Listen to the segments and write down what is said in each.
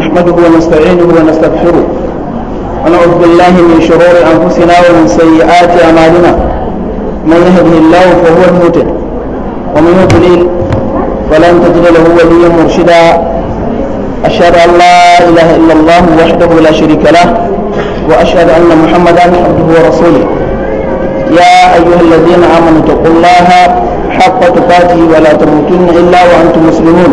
نحمده ونستعينه ونستغفره ونعوذ بالله من شرور أنفسنا ومن سيئات أعمالنا من يهده الله فهو المهتد ومن يضلل فلن تجد له وليا مرشدا أشهد أن لا إله إلا الله وحده لا شريك له وأشهد أن محمدا عبده ورسوله يا أيها الذين آمنوا اتقوا الله حق تقاته ولا تموتن إلا وأنتم مسلمون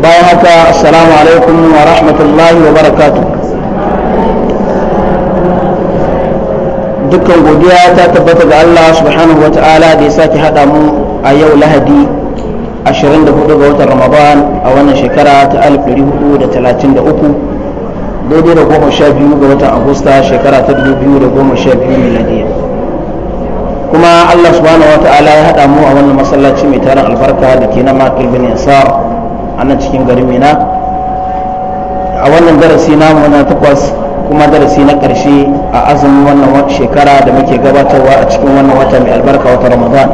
bayan haka assalamu alaikum wa rahmatullahi wa barakatu dukkan godiya ta tabbata ga Allah subhanahu wa ta'ala da ya sake haɗa mu a yau lahadi 24 ga watan ramadan a wannan shekara ta 1433 daidai da goma sha biyu ga watan agusta shekara ta 2012 miladiya kuma Allah subhanahu wa ta'ala ya haɗa mu a wannan masallaci mai tarin albarka da ke na makil bin yasar a cikin garin mina a wannan darasi namu na takwas kuma darasi na ƙarshe a azumin wannan shekara da muke gabatarwa a cikin wannan wata mai albarka wata ramadan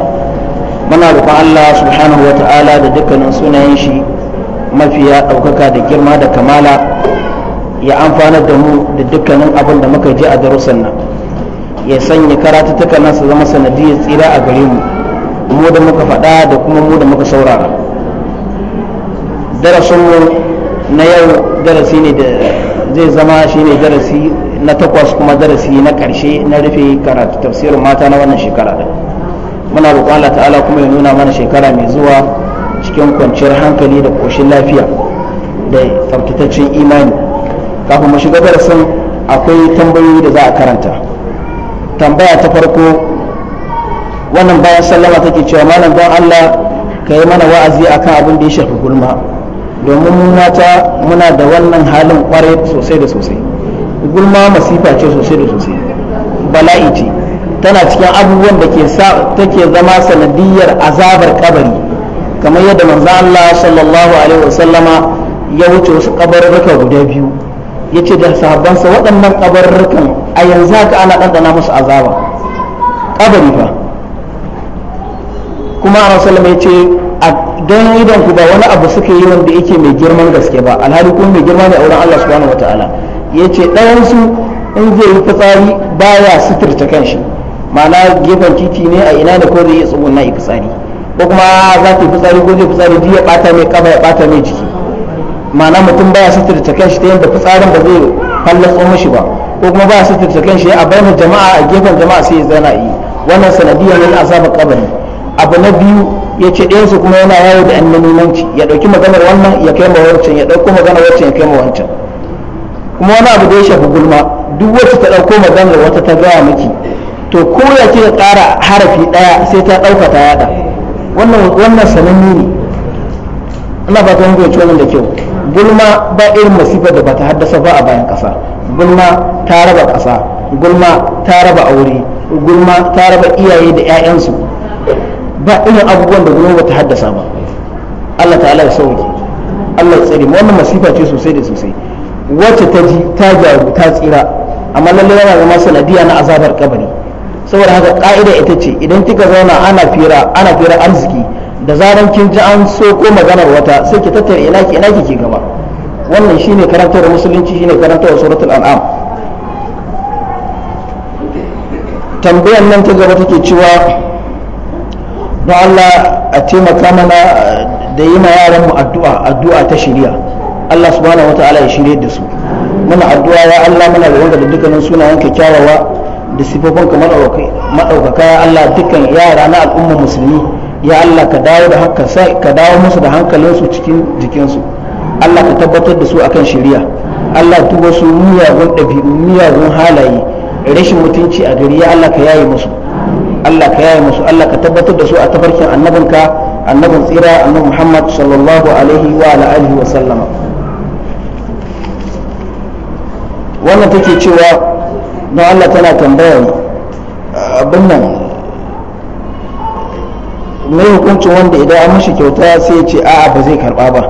muna roƙon allah subhanahu wa ta'ala da dukkanin sunayen shi mafiya ɗaukaka da girma da kamala ya amfanar da mu da dukkanin abin da muka ji a darussan nan ya sanya karatu nasu zama sanadiyar tsira a gare mu mu da muka faɗa da kuma mu da muka saurara darasinmu na yau darasi ne da zai zama shi ne darasi na takwas kuma darasi na karshe na rufe karatu tafsirin mata na wannan shekara da muna roƙon Allah ta'ala kuma ya nuna mana shekara mai zuwa cikin kwanciyar hankali da koshin lafiya da tsabtataccen imani kafin mu shiga darasin akwai tambayoyi da za a karanta tambaya ta farko wannan bayan sallama take cewa malam don Allah ka yi mana wa'azi akan abin da ya shafi gulma domin mata muna da wannan halin kwarai sosai da sosai gulma masifa ce sosai da sosai bala'i ce tana cikin abubuwan da ke sa take zama sanadiyar azabar kabari kamar yadda manzo Allah sallallahu alaihi wasallama ya wuce wasu kabarurruka guda biyu yace da sahabbansa waɗannan kabarurrukan a yanzu haka ana ɗanɗana musu azaba kabari fa kuma a sallallahu ce don idan ku ba wani abu suka yi wanda yake mai girman gaske ba alhali kuma mai girma ne a wurin Allah subhanahu wataala yace ɗayan su in zai yi fitsari baya suturta kanshi ma'ana gefen titi ne a ina da ko zai iya tsugunna yi fitsari ko kuma za ta yi fitsari ko zai fitsari ji ya bata mai kaba ya bata mai jiki ma'ana mutum baya suturta kanshi ta yadda fitsarin ba zai fallatso mishi ba ko kuma baya suturta kanshi a bar jama'a a gefen jama'a sai ya zana yi wannan sanadiyar ne azaba kabari abu na biyu ya ce ɗayansu kuma yana yawo da annamimanci ya ɗauki maganar wannan ya kai ma wancan ya ɗauko maganar wancan ya kai ma wancan kuma wani abu da ya shafi gulma duk wacce ta ɗauko maganar wata ta gaya miki to ko ya ce ya ƙara harafi ɗaya sai ta ɗauka ta yaɗa wannan wannan sananne ne ina ba ta hukunci wannan da kyau gulma ba irin masifar da ba ta haddasa ba a bayan ƙasa gulma ta raba ƙasa gulma ta raba aure gulma ta raba iyaye da 'ya'yansu ba irin abubuwan da gudunar ta haddasa ba Allah ta'ala ya sauke Allah ya tsare wannan masifa ce sosai da sosai wacce ta ji ta jaru ta tsira amma lalle yana zama sanadiya na azabar kabari saboda haka ka'ida ita ce idan kika zauna ana fira ana fira arziki da zaran kin ji an so ko maganar wata sai ki tattara ina ki ina ki gaba wannan shine karantar musulunci shine karantar suratul an'am tambayar nan ta gaba take cewa don Allah a taimaka mana da yi ma yaran mu addu'a addu'a ta shirya Allah subhanahu wataala ya shirya da su muna addu'a ya Allah muna wanda da dukkanin sunayen kyakkyawa da sifofin kamar maɗaukaka. ya Allah dukkan yara na al'umma musulmi ya Allah ka dawo da ka dawo musu da hankalinsu cikin jikinsu Allah ka tabbatar da su akan shirya Allah duk wasu miyagun ɗabi'u miyagun halaye rashin mutunci a gari ya Allah ka yaye musu Allah ka yaya musu Allah ka tabbatar da su a tafarkin annabinka annabin tsira annabi Muhammad sallallahu alaihi wa alihi wa sallama wannan take cewa don Allah tana tambaya ah, abin nan mai hukuncin wanda idan an mishi kyauta sai ya ce a'a ba zai karba ba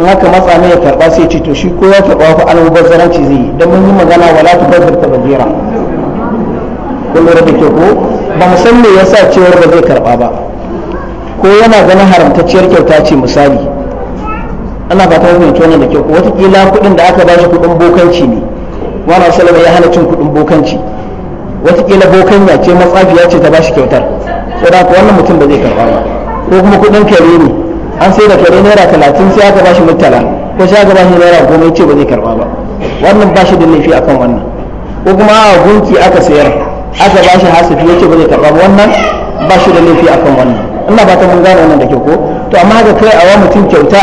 in haka matsa ne ya karba sai ya ce to shi ko ya karba ko an fa zaranci zai yi don mun yi magana wala tubazzir tabazira kun lura da ke ko ba mu san me yasa cewar ba zai karba ba ko yana ganin haramtacciyar kyauta ce misali ana ba ta hukunci wannan da kyau wataƙila kuɗin da aka bashi kuɗin bokanci ne wani salama ya hana cin kuɗin bokanci wataƙila bokanya ce matsafiya ce ta bashi kyautar saboda haka wannan mutum ba zai karba ba ko kuma kuɗin kare ne an sai da kare naira talatin sai aka bashi mutala ko sai aka bashi naira goma ce ba zai karba ba wannan bashi da laifi akan wannan ko kuma a gunki aka sayar aka ba shi hasifi ya ce ba zai karɓa wannan ba shi da laifi akan wannan ina ba ta mun gane wannan da ke ko to amma haka kai a wa mutum kyauta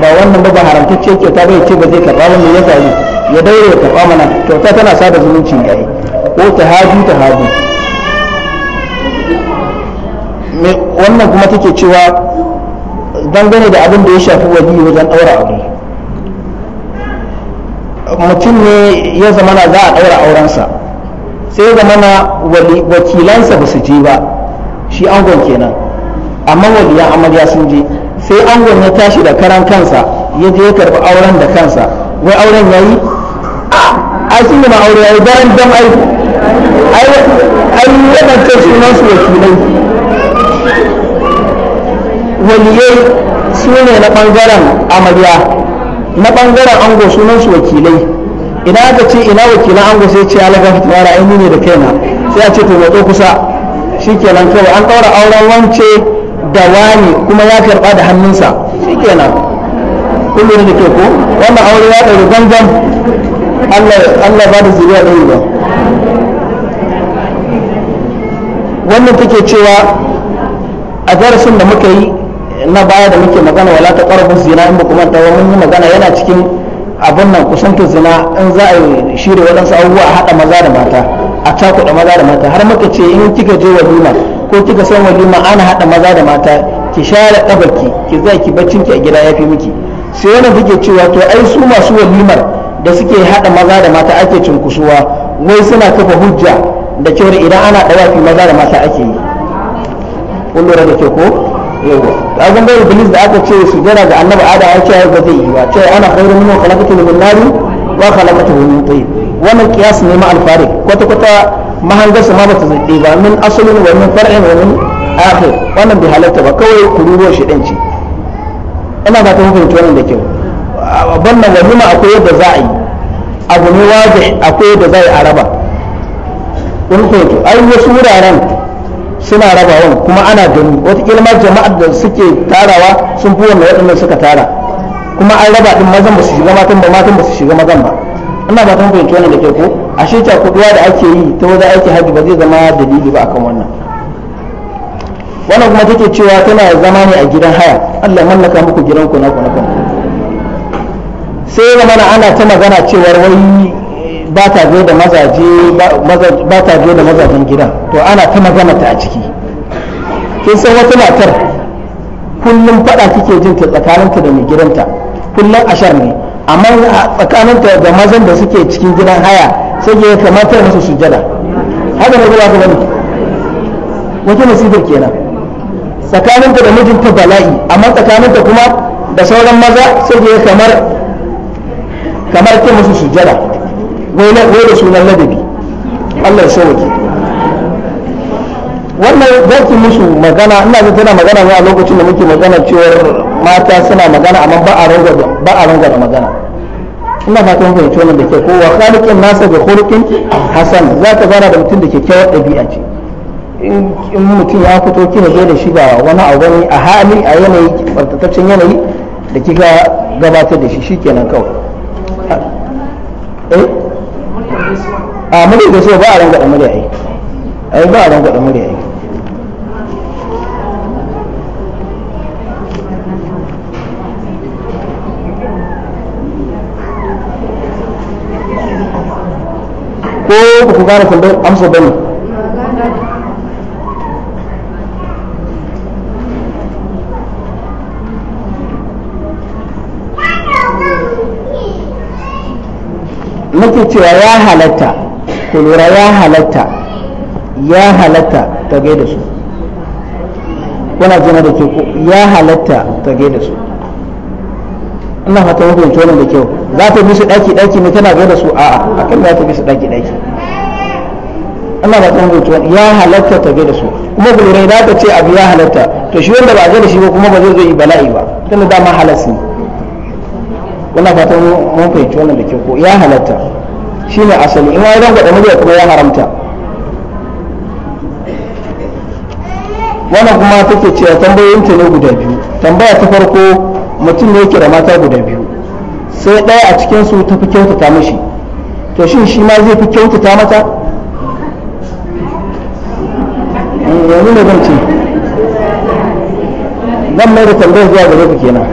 ba wannan ba ba haramtacce kyauta ba ya ce ba zai karɓa wannan ya zaɓi ya daure ya karɓa mana kyauta tana sada zumunci ne ko ta haju ta haju. wannan kuma take cewa dangane da abin da ya shafi wali wajen ɗaura aure mutum ne ya zama na za a ɗaura aurensa sai zama na wakilansa ba su je ba shi angon kenan amma waliyan amarya sun je sai angon ya tashi da karan kansa ya je ya karɓi auren da kansa wai auren ya yi a sun yi aure ya yi bayan dam ai ai wadancan sunan su wakilai waliyai su ne na ɓangaren amarya na ɓangaren ango sunan su wakilai ina aka ce ina an ango sai ce alaga tawara aini ne da kaina sai a ce to zo kusa shi shikenan kawai an ɗaura auren wance da wani kuma ya karɓa da hannunsa shi nan kun lura da ke ko wannan aure ya ɗauri gangan Allah ba da zuriya ɗauri ba wannan take cewa a darasin da muka yi na baya da muke magana wala ta ƙarfin zina in ba kuma ta mun yi magana yana cikin abin nan kusantar zina in za a shirya waɗansu abubuwa a haɗa maza da mata a cakuɗa maza da mata har muka ce in kika je walima ko kika san walima ana haɗa maza da mata ki share ɗabarki ki za ki baccin ki a gida ya fi miki sai wani kuke cewa to ai su masu walimar da suke haɗa maza da mata ake cunkusuwa wai suna kafa hujja da cewar idan ana ɗawafi maza da mata ake yi kun lura da ke ko yawa a bai iblis da aka ce su jira ga annabi ada ya ce ba zai yi ba ce ana khairu minhu khalaqatu min nari wa min tayyib wannan qiyas ne ma al kwata kwata ma ba min asalin wa min far'in wa min akhir wannan halatta ba kawai kururuwar shi ce ina ba ta hukunta wannan da kyau wannan walima akwai yadda za a yi abu ne waje akwai yadda za a yi araba kun fahimta ai wasu wuraren suna rabawa kuma ana gani wataƙila ma jama'ar da suke tarawa sun fi wanda waɗannan suka tara kuma an raba ɗin mazan ba su shiga matan ba matan ba su shiga mazan ba ina ba tan fahimci wannan da ke ko ashe cakuɗuwa da ake yi ta wajen aiki hajji ba zai zama dalili ba akan wannan wannan kuma take cewa tana zama ne a gidan haya Allah mallaka muku gidan ku na ku na kanku sai ya ana ta magana cewar wai ba ta zo da mazajen gidan to ana ta magana ta a ciki kin san wata matar kullum fada kike jin ta tsakaninta da mai gidanta kullum ashar ne amma tsakaninta da mazan da suke cikin gidan haya sai ke kamata musu sujada haka ne zuwa gaba ne wata nasibar kenan tsakaninta da mijinta bala'i amma tsakaninta kuma da sauran maza sai ke kamar kamar ta musu sujada wai da sunan ladabi Allah ya sauke wannan zaki musu magana ina jin tana magana ne a lokacin da muke magana cewar mata suna magana amma ba a ranga ba a ranga da magana ina fatan fahimci wannan da ke ko wa khaliqin nasa bi khuluqin hasan za ta gana da mutum da kyakkyawar ɗabi'a ce in mutum ya fito kina zo da shi ga wani gani a hali a yanayi tsarkakaccen yanayi da kika gabatar da shi shikenan kawai eh? a murya da so ba a rangwada murya ai ba a rangwada murya yi. ko ba ku gane tambayar amsa bane nake cewa ya halatta ku lura ya halatta ya halatta ka gaida su kuna jina da ke ya halatta ka gaida su ina fata wajen yanke da kyau za ta bisu su daki daki ne tana gaida su a'a akan za ta bisu su daki daki ina fata wajen yanke ya halatta ta gaida su kuma ku lura ta ce abu ya halatta to shi wanda ba a gaida shi ba kuma ba zai zo yi bala'i ba tana dama halas ne ina fata wajen fahimci da kyau ya halatta shi ne asali in ya rangwada murya kuma ya haramta wannan kuma take cewa tambayoyin ta ne guda biyu tambaya ta farko mutum ne yake da mata guda biyu sai ɗaya a cikin su ta fi kyautata mishi to shin shi ma zai fi kyautata mata eh, yanzu ne zan ce zan mai da tambayar zuwa gare ku kenan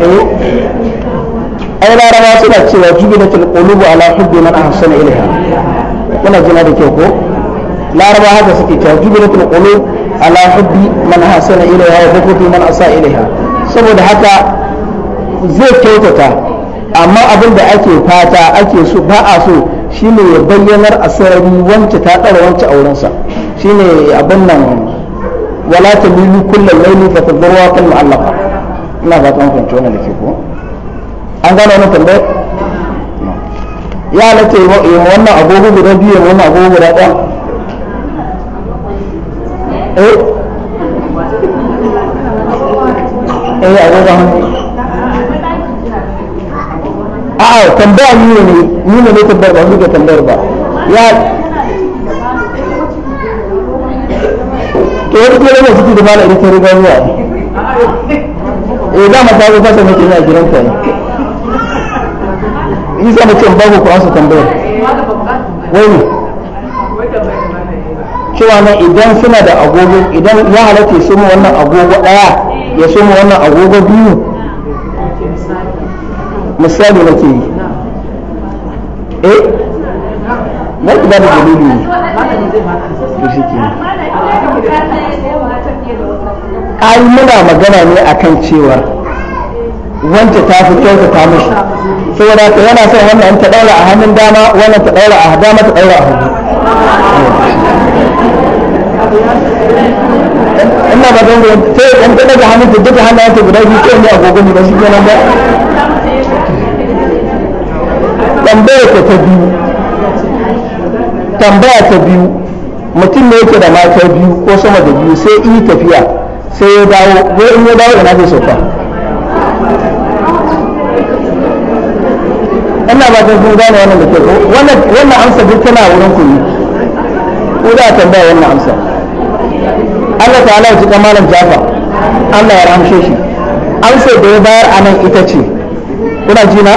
eh? ai laraba suna cewa jubilatul qulubu ala hubbi man ahsana ilaiha kuna jina da kyau ko laraba haka suke cewa na qulub ala hubbi man ahsana ilaiha wa hubbi man asa ilaiha saboda haka zai kyautata amma abin da ake fata ake so ba a so shine ya bayyanar asarari wance ta dara wance aurensa shine abin nan wala tamilu kullal layli fa tadruwa kal mu'allaqa ina fatan kun tona da ke ko an gane wani tambayar ya ce yi wannan agogo guda biyu ya wannan agogo guda ɗaya eh eh agogo hannu a'a tambaya ni ne ni ne ne tambayar ba ni ga tambayar ba ya to wani kuma yana ciki da da ita riga zuwa eh dama ta zo fasa mutum ke a gidan ta ne yi zama ce babu ku ansa tambayar wani cewa na idan suna da agogo idan ya halatta ya soma wannan agogo daya ya soma wannan agogo biyu misali na ke yi eh na ki da dalili ne da shi ke ai muna magana ne akan cewa wancan ta fi kyautata mashi saboda ka yana son wannan ta daura a hannun dama wannan ta daura a dama ta daura a hannu ina ba zan goyon sai ɗan ta daga hannun ta duka hannayen ta guda biyu sai ne agogo ne ba shi kenan ba tambaya ta ta biyu tambaya ta biyu mutum ne yake da mata biyu ko sama da biyu sai yi tafiya sai ya dawo wai in ya dawo ina zai sauka ina ba ta sun gane wannan da ke wannan amsa duk tana wurin ku ko da tambaya wannan amsa Allah ta'ala ya ji malam jafa Allah ya ramshe shi amsa da ya bayar a nan ita ce kuna jina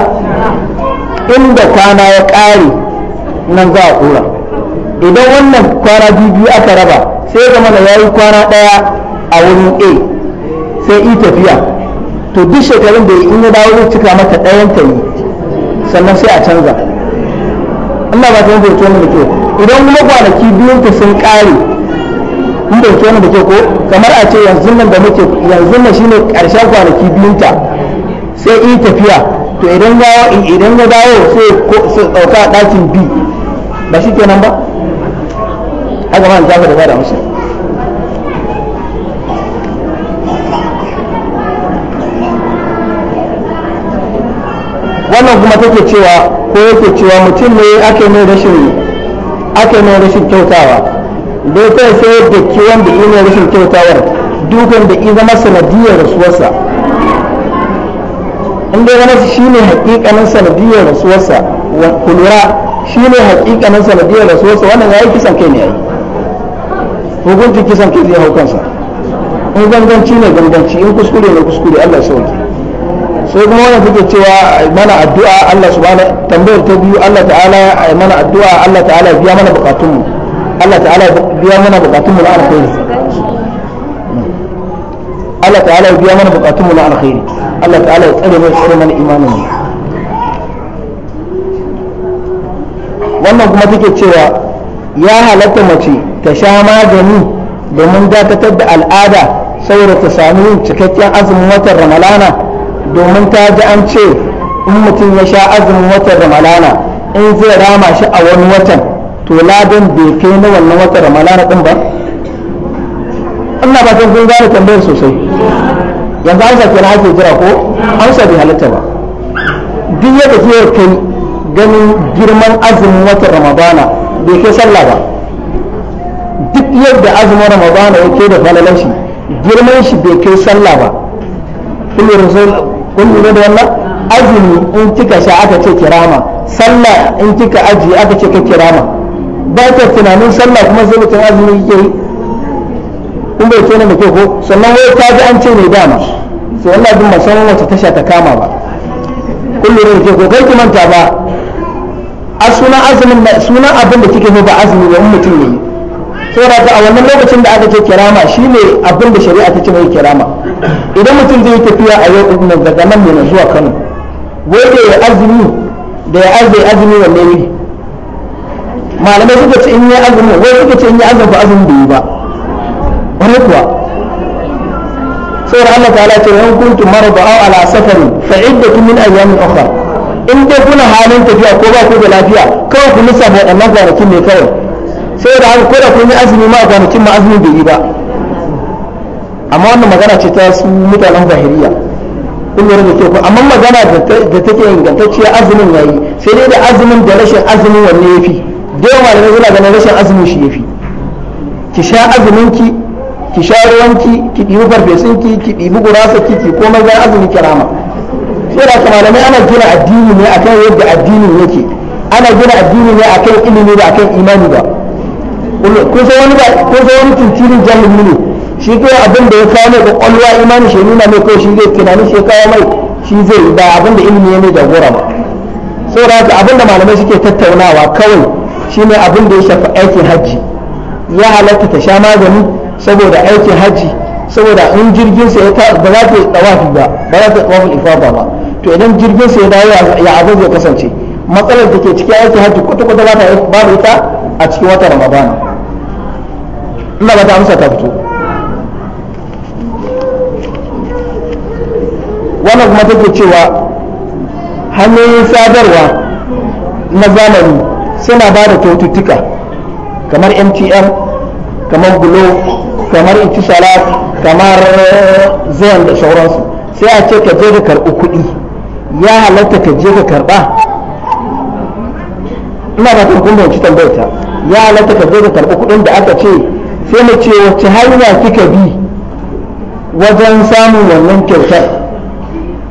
inda kana ya kare nan za a kura idan wannan kwana biyu aka raba sai zama da ya yi kwana ɗaya a wurin a sai i tafiya to duk shekarun da in ya dawo cika mata ɗayan ta yi sannan sai a canza Allah ba ta yanzu wani da kyau idan kuma kwanaki biyun ta sun kare in da wani da kyau ko kamar a ce yanzu nan da muke yanzu nan shine karshen kwanaki biyun ta sai in tafiya to idan gawa idan ya dawo sai sai ɗauka ɗakin bi ba shi kenan ba haka ma ta da ba da musu wannan kuma take cewa ko yake cewa mutum ne ake mai rashin ake mai rashin kyautawa dai kai sai da ke wanda ina rashin kyautawar dukan da ina zama sanadiyar rasuwarsa inda dai zama shi ne hakikanin sanadiyar rasuwarsa kulura shi ne hakikanin sanadiyar rasuwarsa wannan ya yi kisan kai ne ya yi hukuncin kisan kai zai hau kansa in ganganci ne ganganci in kuskure ne kuskure allah sauki sai kuma wannan take cewa mana addu'a Allah subhanahu tambayar ta biyu Allah ta'ala ai mana addu'a Allah ta'ala biya mana bukatunmu Allah ta'ala biya mana bukatunmu na alkhairi Allah ta'ala biya mana bukatunmu na alkhairi Allah ta'ala ya tsare mai tsare mana imanin wannan kuma take cewa ya halatta mace ta sha magani domin dakatar da al'ada saboda ta sami cikakken azumin watan ramalana domin ta ji an ce in mutum ya sha azumin watan ramalana in zai rama shi a wani watan to ladan bai kai na wannan watan ramalana din ba Ina ba kun gane tambayar sosai yanzu amsa kenan ake jira ko amsa bai halitta ba duk yadda zai kai ganin girman azumin watan ramadana bai kai sallah ba duk yadda azumin ramadana yake da falalashi girman shi bai kai sallah ba kullum kun lura da wannan azumi in kika sha aka ce kirama sallah in kika aji aka ce ka kirama ba ka tunanin sallah kuma sai mutum azumi yake yi kun bai kenan da kyau ko sannan wai ta ji an ce ne dama to Allah bin masan wata tasha ta kama ba kun lura da ke ko kai ki manta ba a sunan azumin sunan abin da kike ne ba azumi ne mutum ne saboda a wannan lokacin da aka ce kirama shine abin da shari'a ta ce mai kirama idan mutum zai tafiya a yau ɗin daga nan mai zuwa Kano wai da ya azumi da ya azumi azumi wanne ne malamai suka ce in ya azumi wai suka ce in ya azumi ba azumi da yi ba wani kuwa saboda Allah ta'ala ce in kuntum marada aw ala safarin fa iddatu min ayyamin ukhra in dai kuna halin tafiya ko ba ku da lafiya kawai ku lissafa waɗannan kwanakin ne kawai sai da haka koda kun yi azumi ma kwanakin ma azumin bai yi ba amma wannan magana ce ta su mutanen zahiriya kun lura da kyau amma magana da take ingantacciya azumin ya yi sai dai da azumin da rashin azumin wanne ya fi da yawa yana suna ganin rashin azumin shi ya fi ki sha azumin ki ki sha ruwanki ki ɗibi farfesun ki ɗibi gurasa ki ki komai zai azumi kirama sai da malamai ana gina addini ne akan yadda addinin yake ana gina addini ne akan ilimi da akan imani ba kun wani tuntunin jahili ne shi ke abin da ya kawo mai kwakwalwa imani shi nuna mai ko shi zai tunanin shi kawo mai shi zai ba abin da ilimi ya mai jagora ba saboda haka abin da malamai suke tattaunawa kawai ne abin da ya shafi aikin hajji ya halatta ta sha magani saboda aikin hajji saboda in jirgin sa ya ta ba za ta tsawafi ba ba za ta tsawafi ifada ba to idan jirgin sa ya dawo ya abin zai kasance matsalar da ke cikin aikin hajji kwata-kwata ba ta babu ita a cikin wata ramadana ina ba ta amsa ta fito wannan kuma take cewa hanyoyin sadarwa na zamani suna ba da kyaututtuka kamar mtn kamar glo kamar itisalat kamar eh, zayan da sauransu sai a ce ka je ka karɓi kuɗi ya halatta ka je ka karɓa ina ba ta kun ci tambayar ya halatta ka je ka karɓi kuɗin da aka ce sai mu ce wacce hanya kika bi wajen samun wannan kyautar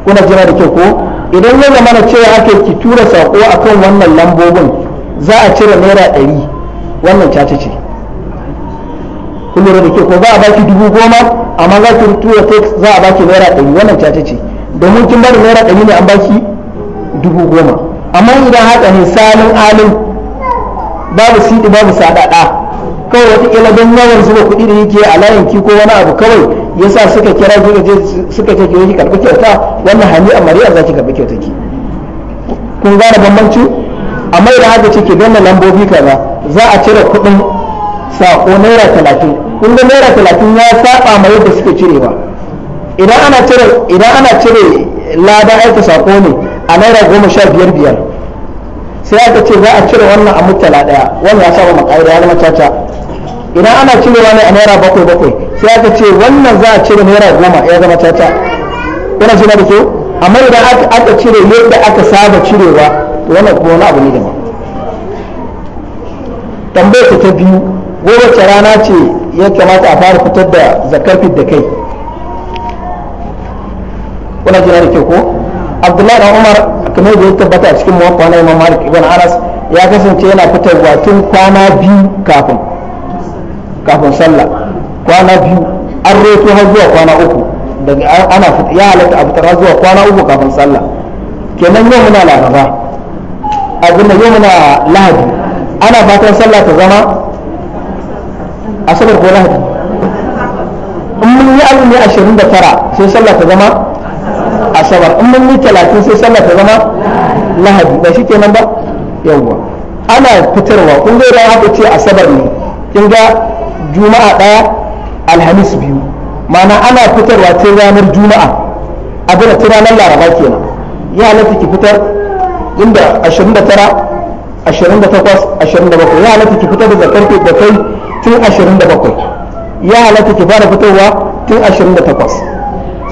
kuna jira da kyau ko idan ya zama na cewa aka ki tura sako akan wannan lambobin za a cire naira ɗari wannan caca ce kun lura da kyau ko za a baki dubu goma amma za ki tura text za a baki naira ɗari wannan caca ce domin kin bada naira ɗari ne an baki dubu goma amma idan haka ne salin alin babu siɗi babu saɗaɗa kawai wata kila don yawan zuba kuɗi da yake a layin ki ko wani abu kawai yasa suka kira je suka ce ki karɓi kyauta wannan hali a mariyar za ki karɓi kyauta ki kun gane bambanci amma idan haka ce ki danna lambobi kaza za a cire kuɗin sako naira talatin kun ga naira talatin ya saba ma yadda suke cirewa idan ana cire idan ana cire ladan aika sako ne a naira goma sha biyar biyar sai aka ce za a cire wannan a mutala daya wannan ya saba ma ƙa'ida ya zama caca idan ana cire wani a naira bakwai bakwai sai aka ce wannan za a cire naira goma ya zama caca yana cire da kyau amma idan aka cire yadda aka saba cirewa wannan kuma wani abu ne ma tambayar ta biyu gobe rana ce ya kamata a fara fitar da zakar da kai kuna jira da kyau ko abdullahi dan umar kamar da ya tabbata a cikin muwaffa na imam malik ibn anas ya kasance yana fitarwa tun kwana biyu kafin kafin sallah kwana biyu an roto har zuwa kwana uku daga ana ya halatta a fitar zuwa kwana uku kafin sallah kenan yau muna laraba abin da yau muna lahadi ana fatan sallah ta zama asabar ko lahadi in mun yi alumi ashirin da tara sai sallah ta zama asabar in mun yi talatin sai sallah ta zama lahadi ba shi kenan ba yawwa ana fitarwa kun ga haka ce asabar ne kin ga juma'a ɗaya alhamis biyu ma'ana ana fitarwa ta ranar juma'a abin da tun ranar laraba kenan ya halatta ki fitar inda 29 28 27 ya halatta ki fitar da zakar da kai tun 27 ya halatta ki fara fitarwa tun 28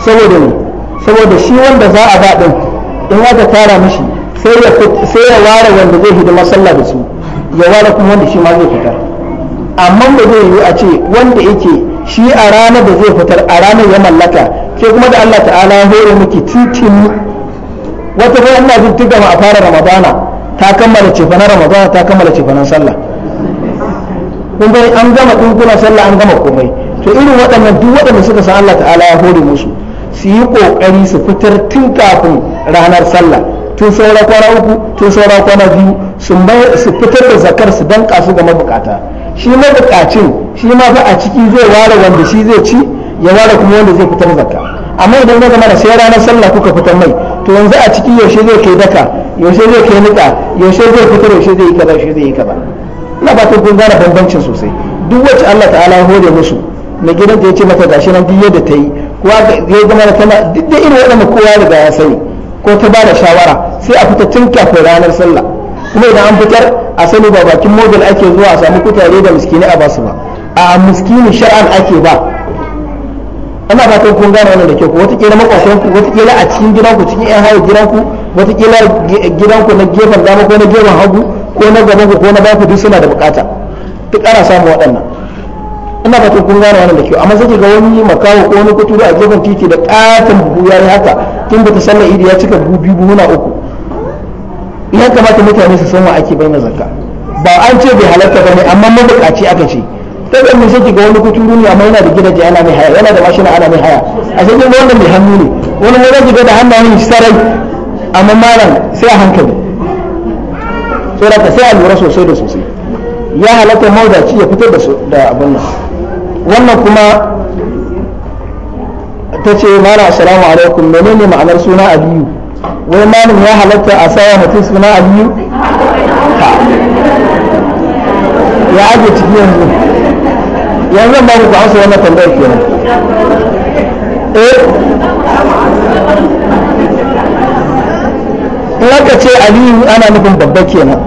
saboda ne saboda shi wanda za a ba din in aka tara mishi sai ya ware wanda zai hidima sallah da su ya ware kuma wanda shi ma zai fitar amma ba zai yi a ce wanda yake shi a ranar da zai fitar a ranar ya mallaka ke kuma da Allah ta'ala ya hore miki titin wata fa ina jin tiga a fara ramadana ta kammala cefanen ramadana ta kammala cefanen sallah kun bai an gama kuna sallah an gama komai to irin waɗannan duk waɗanda suka san Allah ta'ala ya hore musu su yi kokari su fitar tun kafin ranar sallah tun saura kwana uku tun saura kwana biyu su fitar da zakar su danka su ga mabukata shi mabukacin shi ma fa a ciki zai ware wanda shi zai ci ya ware kuma wanda zai fitar zakka amma idan ya zama da sai ranar sallah kuka fitar mai to yanzu a ciki yaushe zai kai daka yaushe zai kai nika yaushe zai fitar yaushe zai yi kaza yaushe zai yi kaza ina ba ta kun gane bambancin sosai duk wacce Allah ta'ala ya hore musu mai gidan ya ce mata gashi nan duk yadda ta yi kowa zai zama da tana duk da irin waɗanda kowa daga ya sani ko ta ba da shawara sai a fita tun kafin ranar sallah kuma idan an fitar a sani ba bakin mobil ake zuwa a sami kutare da miskini a basu ba a miskini shar'an ake ba ana ba ta kun gane wannan da kyau watakila makwasan ku watakila a cikin gidanku cikin yan hayar gidanku watakila gidanku na gefen dama ko na gefen hagu ko na gaban ku ko na baku duk suna da bukata duk ana samun waɗannan ina ba ta kun gane wannan da kyau amma sai ga wani makawo ko wani kuturu a gefen titi da katin buhu ya yi haka tun ba ta sallar idi ya cika buhu biyu buhu na uku ya kamata mutane su san wa ake bai na zakka ba an ce bai halatta ba ne amma mabukaci aka ce ta zan mun saki ga wani kuturu ne amma yana da gidaje ana mai haya yana da mashina ana mai haya a sai kuma wannan mai hannu ne wani wani shiga da hannayen sarai amma malam sai a hankali tsoraka sai a lura sosai da sosai ya halatta maudaci ya fitar da abin nan wannan kuma ta ce mara assalamu alaikum menene ma'anar suna abiyu wai malam ya halatta a sawa mutum suna aliyu ya ake ciki yanzu yanzu ba ku amsa wannan tambayar kenan eh in ce aliyu ana nufin babba kenan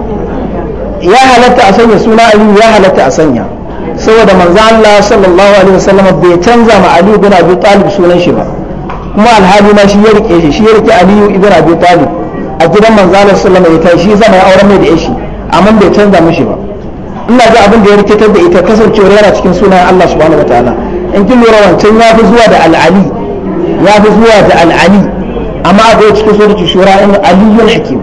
ya halatta a sanya suna aliyu ya halatta a sanya saboda manzo Allah sallallahu alaihi wasallam bai canza ma aliyu bin abi talib sunan shi ba kuma alhali ma shi ya rike shi shi ya rike aliyu ibn abi talib a gidan manzo Allah sallallahu alaihi ya tashi zama ya auren mai da shi amma bai canza mishi ba ina ga abin da ya rikitar da ita kasancewar yana cikin sunan Allah subhanahu wataala in kin lura wancan ya fi zuwa da al'ali ya fi zuwa da al'ali amma a bai cikin suratul shura in aliyul hakim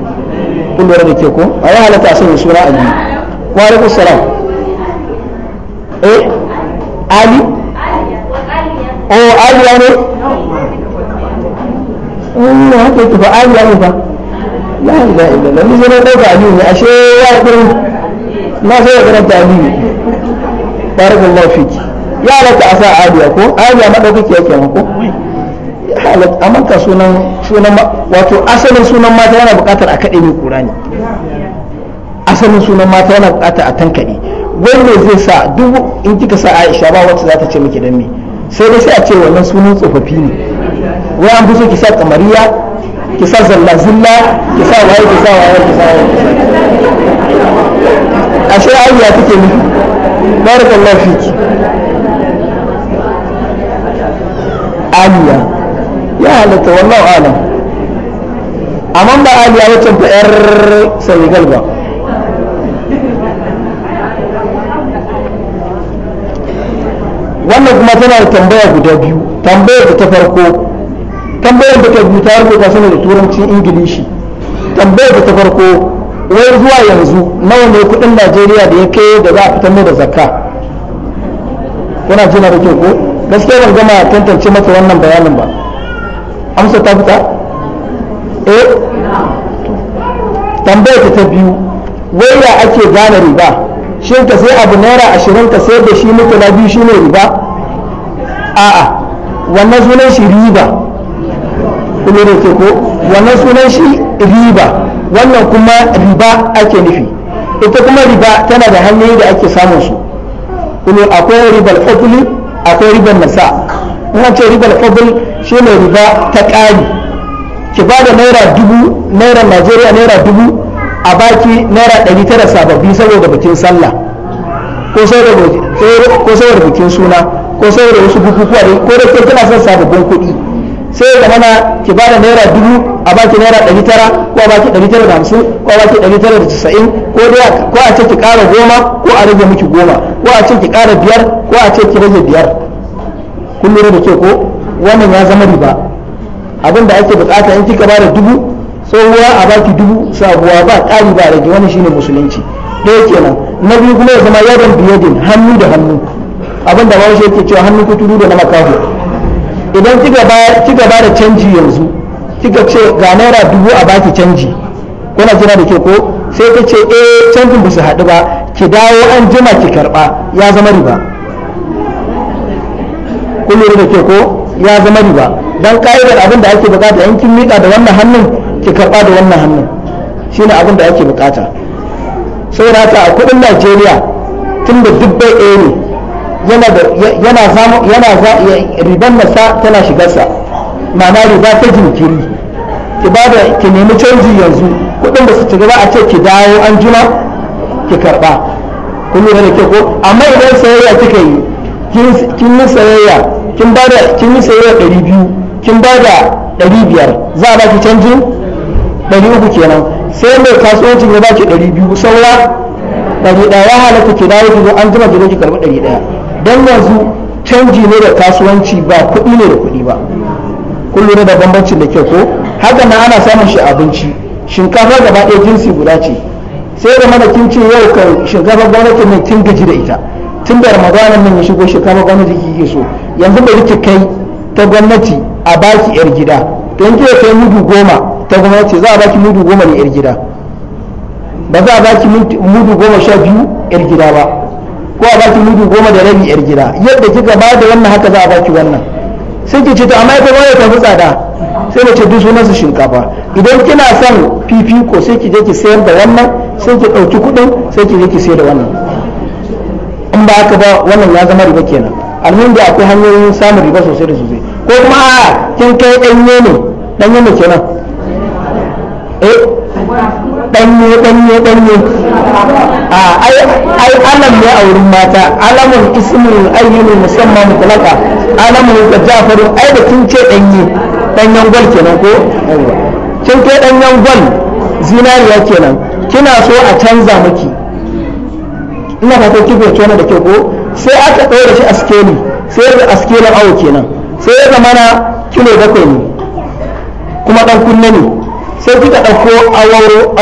kun lura da ke ko a ya halatta a sanya sura ali wa alaikum salam eh ali oh aliya ne wani haka yake ba ali ali ba la ila ila la ni zai dauka aliyu ne ashe ya kuri na sai ya karanta ali barakallahu fiki ya halatta a sa aliya ko aliya madaukaki yake ma ko halatta amma ka sunan sunan wato asalin sunan mata yana buƙatar a kaɗe ne kura ne asalin sunan mata yana buƙatar a tankaɗe wanda zai sa duk in kika sa Aisha ba wacce za ta ce miki dan me sai dai sai a ce wannan sunan tsofaffi ne wai an fi kisa ki sa kamariya ki sa zalla zilla ki sa waye ki sa waye ki sa waye ashe auriya take ni barakallahu fiki aliya ya halatta wallahu alam amma ba aliya wacce ta yar senegal ba wannan kuma tana da tambaya guda biyu tambayar da ta farko tambayar da ta biyu ta sanar da turancin ingilishi tambayar da ta farko wai zuwa yanzu nawa ne kudin najeriya da ya kai da za a fitar mai da zakka kuna jina da kyau ko gaskiya ban gama tantance mata wannan bayanin ba amsa ta fita eh tambayar ta biyu wai ya ake gane riba shin ka sai abu naira ashirin ka sayar da shi na biyu shine riba a'a wannan sunan shi riba kuma ke ko wannan sunan shi riba wannan kuma riba ake nufi ita kuma riba tana da hanyoyi da ake samun su kuma akwai ribar fadli akwai ribar nasa wannan ce ribar fadl shi ne riba ta ƙari ki ba da naira dubu naira najeriya naira dubu a baki naira ɗari tara sababbi saboda bikin sallah ko saboda bikin suna ko saboda wasu bukukuwa ko da ke kana son sababbin kuɗi sai ya mana ki bada naira dubu a baki naira ɗari tara ko a baki ɗari tara da hamsin ko a baki ɗari tara da casa'in ko dai ko a ce ki ƙara goma ko a rage miki goma ko a ce ki ƙara biyar ko a ce ki rage biyar kun lura da ke ko wannan ya zama riba abin da ake bukata in kika bada dubu tsohuwa a baki dubu sabuwa ba ƙari ba rage wannan shine musulunci ɗaya kenan na biyu kuma ya zama yaron biyadin hannu da hannu abin da bawashi yake cewa hannu kuturu da na makaho idan kika ba da canji yanzu kika ce ga naira dubu a baki canji kuna jira da ke ko sai ka ce eh canjin ba su haɗu ba ki dawo an jima ki karɓa ya zama riba Kullum da ke ko ya zama riba don ka'idar abin da ake bukata in kin miƙa da wannan hannun ki karɓa da wannan hannun ne abin da ake bukata saboda haka a kuɗin Najeriya tun da dubbai ɗaya ne yana samu riban nasa tana shigarsa ma'ana riba ta jinkiri ki ba da ki nemi canji yanzu Kudin da su ci gaba a ce ki dawo an jima ki karɓa kun lura da ko amma idan sayayya kika yi kin yi sayayya kin ba da kin yi sayayya ɗari biyu kin ba da ɗari biyar za a ba ki canjin ɗari uku kenan sai mai kasuwancin ya ki ɗari biyu saura ɗari ɗaya ya halatta ki dawo ki zo an jima ki zo ki karɓi ɗari ɗaya don yanzu canji ne da kasuwanci ba kuɗi ne da kuɗi ba kullum da bambancin da kyau ko haka na ana samun shi abinci shinkafa gaba ɗaya jinsi guda ce sai da mana kin ce yau kan shinkafa gwamnati mai tun gaji da ita tun da ramadana nan ya shigo shinkafa gwamnati kike so yanzu bari ki kai ta gwamnati a baki yar gida don ki kai mudu goma ta gwamnati za a baki mudu goma ne yar gida ba za a baki mudu goma sha biyu yar gida ba ko a baki mudu goma da rabi yar gida yadda kika ba da wannan haka za a baki wannan sai ki ce to amma ita wani ta fi tsada sai da ce duk sunan su shinkafa idan kina son fifiko sai ki je ki sayar da wannan sai ki ɗauki kuɗin sai ki je ki sayar da wannan in ba haka ba wannan ya zama riba kenan almin da akwai hanyoyin samun riba sosai da sosai ko kuma a kin kai ɗanye ne ɗanye ne kenan eh danye danye danye a ai alam ne a wurin mata alamun ismin ayyuni musamman mutlaka alamun da jafarin ai da kin ce danye danyen gwal kenan ko kin ɗanyen danyen gwal zinariya kenan kina so a canza miki ina fatan kike tona da ke ko sai aka ɗora shi a skeli sai da a skelin awo kenan sai ya zama na kilo bakwai ne kuma ɗan kunne ne sai kika ɗauko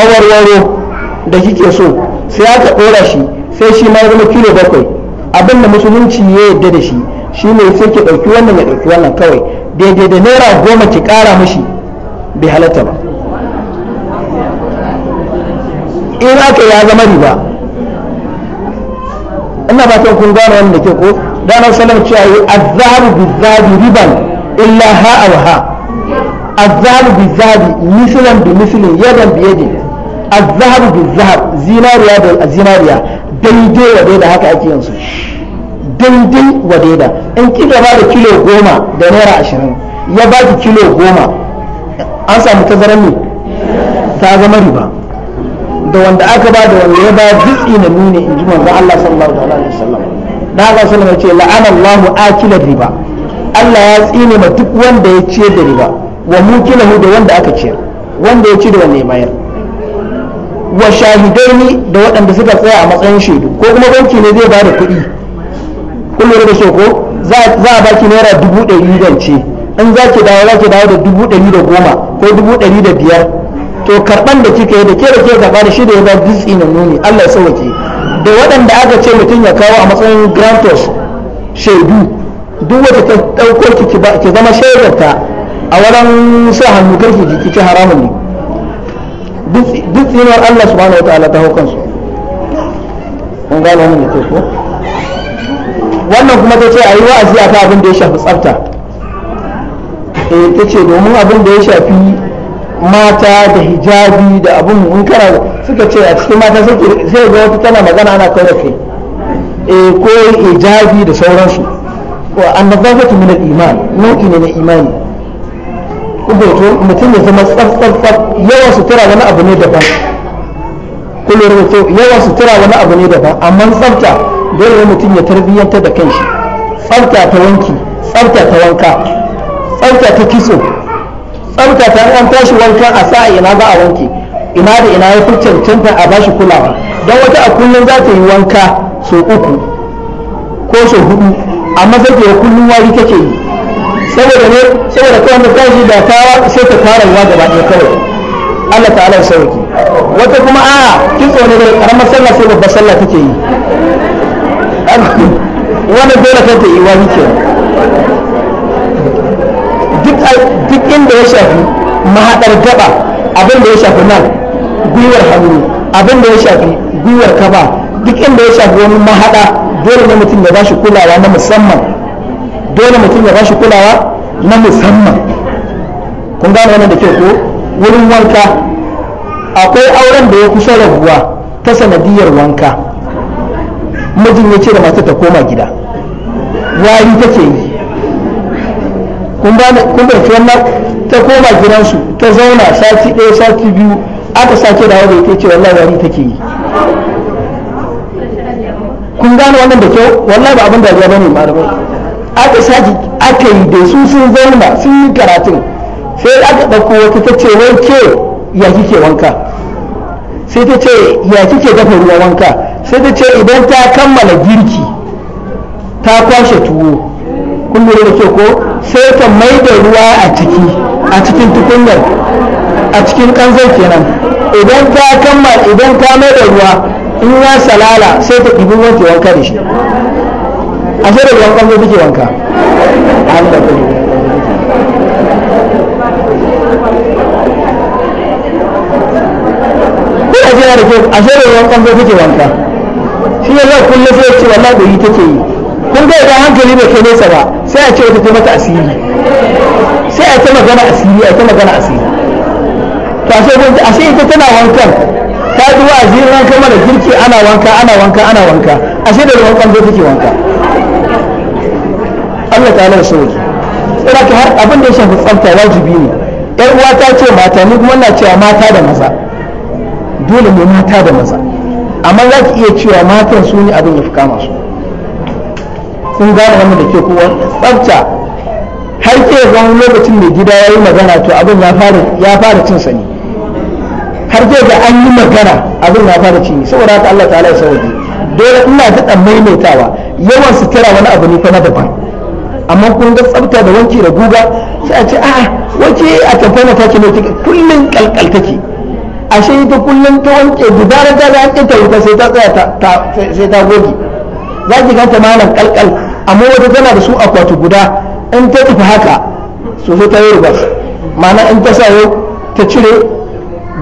awarwaro da kike so sai aka ɗora shi sai shi ma zama kilo bakwai abin musulunci ya yadda da shi shi ne sai ke ɗauki wannan ya ɗauki wannan kawai daidai da naira goma ki ƙara mishi bai halatta ba in aka ya zama riba ina ba ta kun gane wannan da ke ko dana salam cewa yi azharu bi zabi riban illa ha'a wa ha'a الذهب بالذهب مثلا بمثل يدا بيد الذهب بالذهب زيناريا بالزيناريا daidai wa haka ake yanzu daidai wa in ki gaba da kilo goma da naira ashirin ya ba kilo goma an samu tazarar ne ta zama riba da wanda aka ba da wanda ya ba jitsi na nune in ji manzo Allah sallallahu alaihi wasallam da Allah sallallahu alaihi wasallam ce la'ana Allahu akila riba Allah ya tsine ma duk wanda ya ce da riba wa mukilahu da wanda aka ciyar wanda ya ci da wanda ya bayar wa shahidaini da waɗanda suka tsaya a matsayin shaidu ko kuma banki ne zai ba da kuɗi kullum da ko za a baki naira dubu ɗari zance in za ki dawo za ki dawo da dubu ɗari da goma ko dubu ɗari da biyar to karɓan da kika yi da ke da ke karɓa da shi da ya ba dutse na nuni Allah ya sauke da waɗanda aka ce mutum ya kawo a matsayin grantos shaidu duk wata ta ɗauko ki ki zama shaidarta a wajen sa hannu karki ki ci haramun ne duk tsinar Allah subhanahu wataala ta hau kansu kun gano wannan da ko wannan kuma ta ce a yi wa'azi a ta abin da ya shafi tsafta eh ta ce domin abin da ya shafi mata da hijabi da abin in kana suka ce a cikin mata sai ga wata tana magana ana kawai kai eh ko hijabi da sauransu wa annabawatu min al-iman nauki ne na imani ko mutum ya zama tsaf-tsaf yawan sutura wani abu ne daban kullum rubuto yawan sutura wani abu ne daban amma tsafta dole mutum ya tarbiyyanta da kanshi tsafta ta wanki tsafta ta wanka tsafta ta kitso tsafta ta an tashi wankan a sa ina za a wanke ina da ina ya fi cancanta a bashi kulawa don wata a kullum za ta yi wanka sau uku ko sau hudu amma zai ta kullum wari kake yi saboda ne saboda kawai da tashi da ta sai ta fara ruwa gaba ɗaya kawai Allah ta'ala ya sauki wata kuma a kitso ne da karamar sallah sai babbar sallah take yi wani dole ta yi wani ke duk inda ya shafi mahaɗar gaba abin da ya shafi nan gwiwar hannu abin da ya shafi gwiwar kaba, duk inda ya shafi wani mahaɗa dole ne mutum ya ba shi kulawa na musamman dole mutum ya bashi kulawa na musamman kun gane wannan da ke ko wurin wanka akwai auren da ya kusa rabuwa ta sanadiyar wanka mijin ya ce da matar ta koma gida wari ke yi kun bai wannan ta koma gidansu ta zauna sati ɗaya sati biyu aka sake da wanda ya ce wallahi wari take yi kun gane wannan da kyau wallahi ba abin da ya bane malamai aka saki aka yi da su sun zauna sun yi karatun sai aka ɗauko wata ta ce wai ke ya kike wanka sai ta ce ya kike dafa ruwa wanka sai ta ce idan ta kammala girki ta kwashe tuwo kun lura da ke ko sai ta mai da ruwa a ciki a cikin tukunyar a cikin kanzon kenan idan ta kammala idan ta mai da ruwa in ya salala sai ta ɗibi wanke wanka da shi a shi da ruwan kwanzo kuke wanka Allah ta kuna jira da kyau a shi da ruwan kwanzo kuke wanka shi ne zai kulle sai ce wallahi da yi take yi kun ga idan hankali bai kai nesa ba sai a ce wata ta mata asiri sai a ta magana asiri a ta magana asiri to ashe ashe ita tana wankan ta duwa asirin wankan mana girki ana wanka ana wanka ana wanka ashe da ruwan kwanzo take wanka Allah ta halar sauki Ina ka har abin da ya shafi tsafta wajibi ne yar uwa ta ce mata ni kuma na cewa mata da maza dole ne mata da maza amma za ki iya cewa matan su ne abin ya fi kama su kun gane wannan da ke kowa tsafta har ke zama lokacin mai gida ya yi magana to abin ya fara cin sani har ke ga an yi magana abin ya fara cin saboda haka Allah ta'ala ya sauke dole ina daɗa maimaitawa yawan sutura wani abu ne fa na daban amma kun ga tsafta da wanki da guga sai a ce a'a wace a tamfana ta ce mai kullum kalkal take ashe ita kullum ta wanke dubara ta da ta wuta sai ta tsaya sai ta goge za ki ta malam kalkal amma wata tana da su akwati guda in ta tafi haka so sai ta yi rubas ma'ana in ta sa ta cire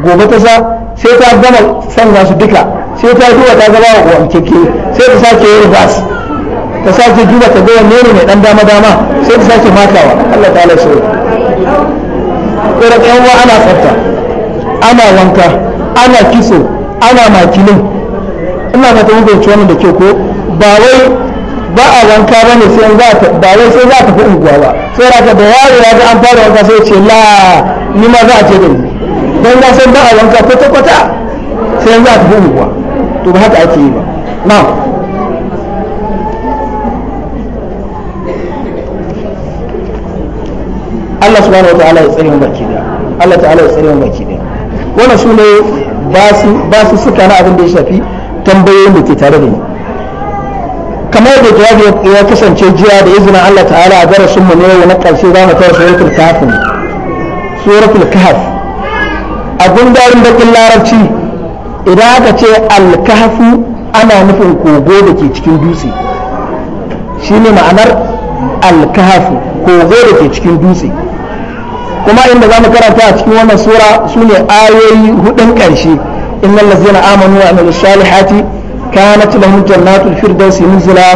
gobe ta sa sai ta gama sanga su duka sai ta duba ta zama wa wanke sai ta sake yi rubas ta sake duba ta ga wanne ne mai dan dama dama sai ta sake matawa Allah ta'ala shi ko da yan ana tsafta ana wanka ana kiso ana makilin ina ta mun bayyana wannan da ke ko ba wai ba a wanka ba ne sai za ta ba wai sai za ta fi unguwa ba sai raka da yaro ya ga an fara wanka sai ce la ni ma za a ce da ni dan ga san ba a wanka kwata kwata sai za ta fi unguwa to ba haka ake yi ba na'am Allah subhanahu wa ta'ala ya tsare mu baki da Allah ta'ala ya tsare mu baki da wannan su ne ba su suka na abin da ya shafi tambayoyin da ke tare da ni kamar da jawabi ya kasance jiya da izinin Allah ta'ala a darasin mu ne na karshe za mu kawo suratul kahf suratul kahf a gundarin bakin larabci idan aka ce alkahfu ana nufin kogo da ke cikin dutse Shi ne ma'anar alkahfu kogo da ke cikin dutse kuma inda zamu karanta a cikin wannan sura sune ayoyi hudun karshe innal ladzina amanu wa amilus salihati kanat lahum jannatul firdausi nuzula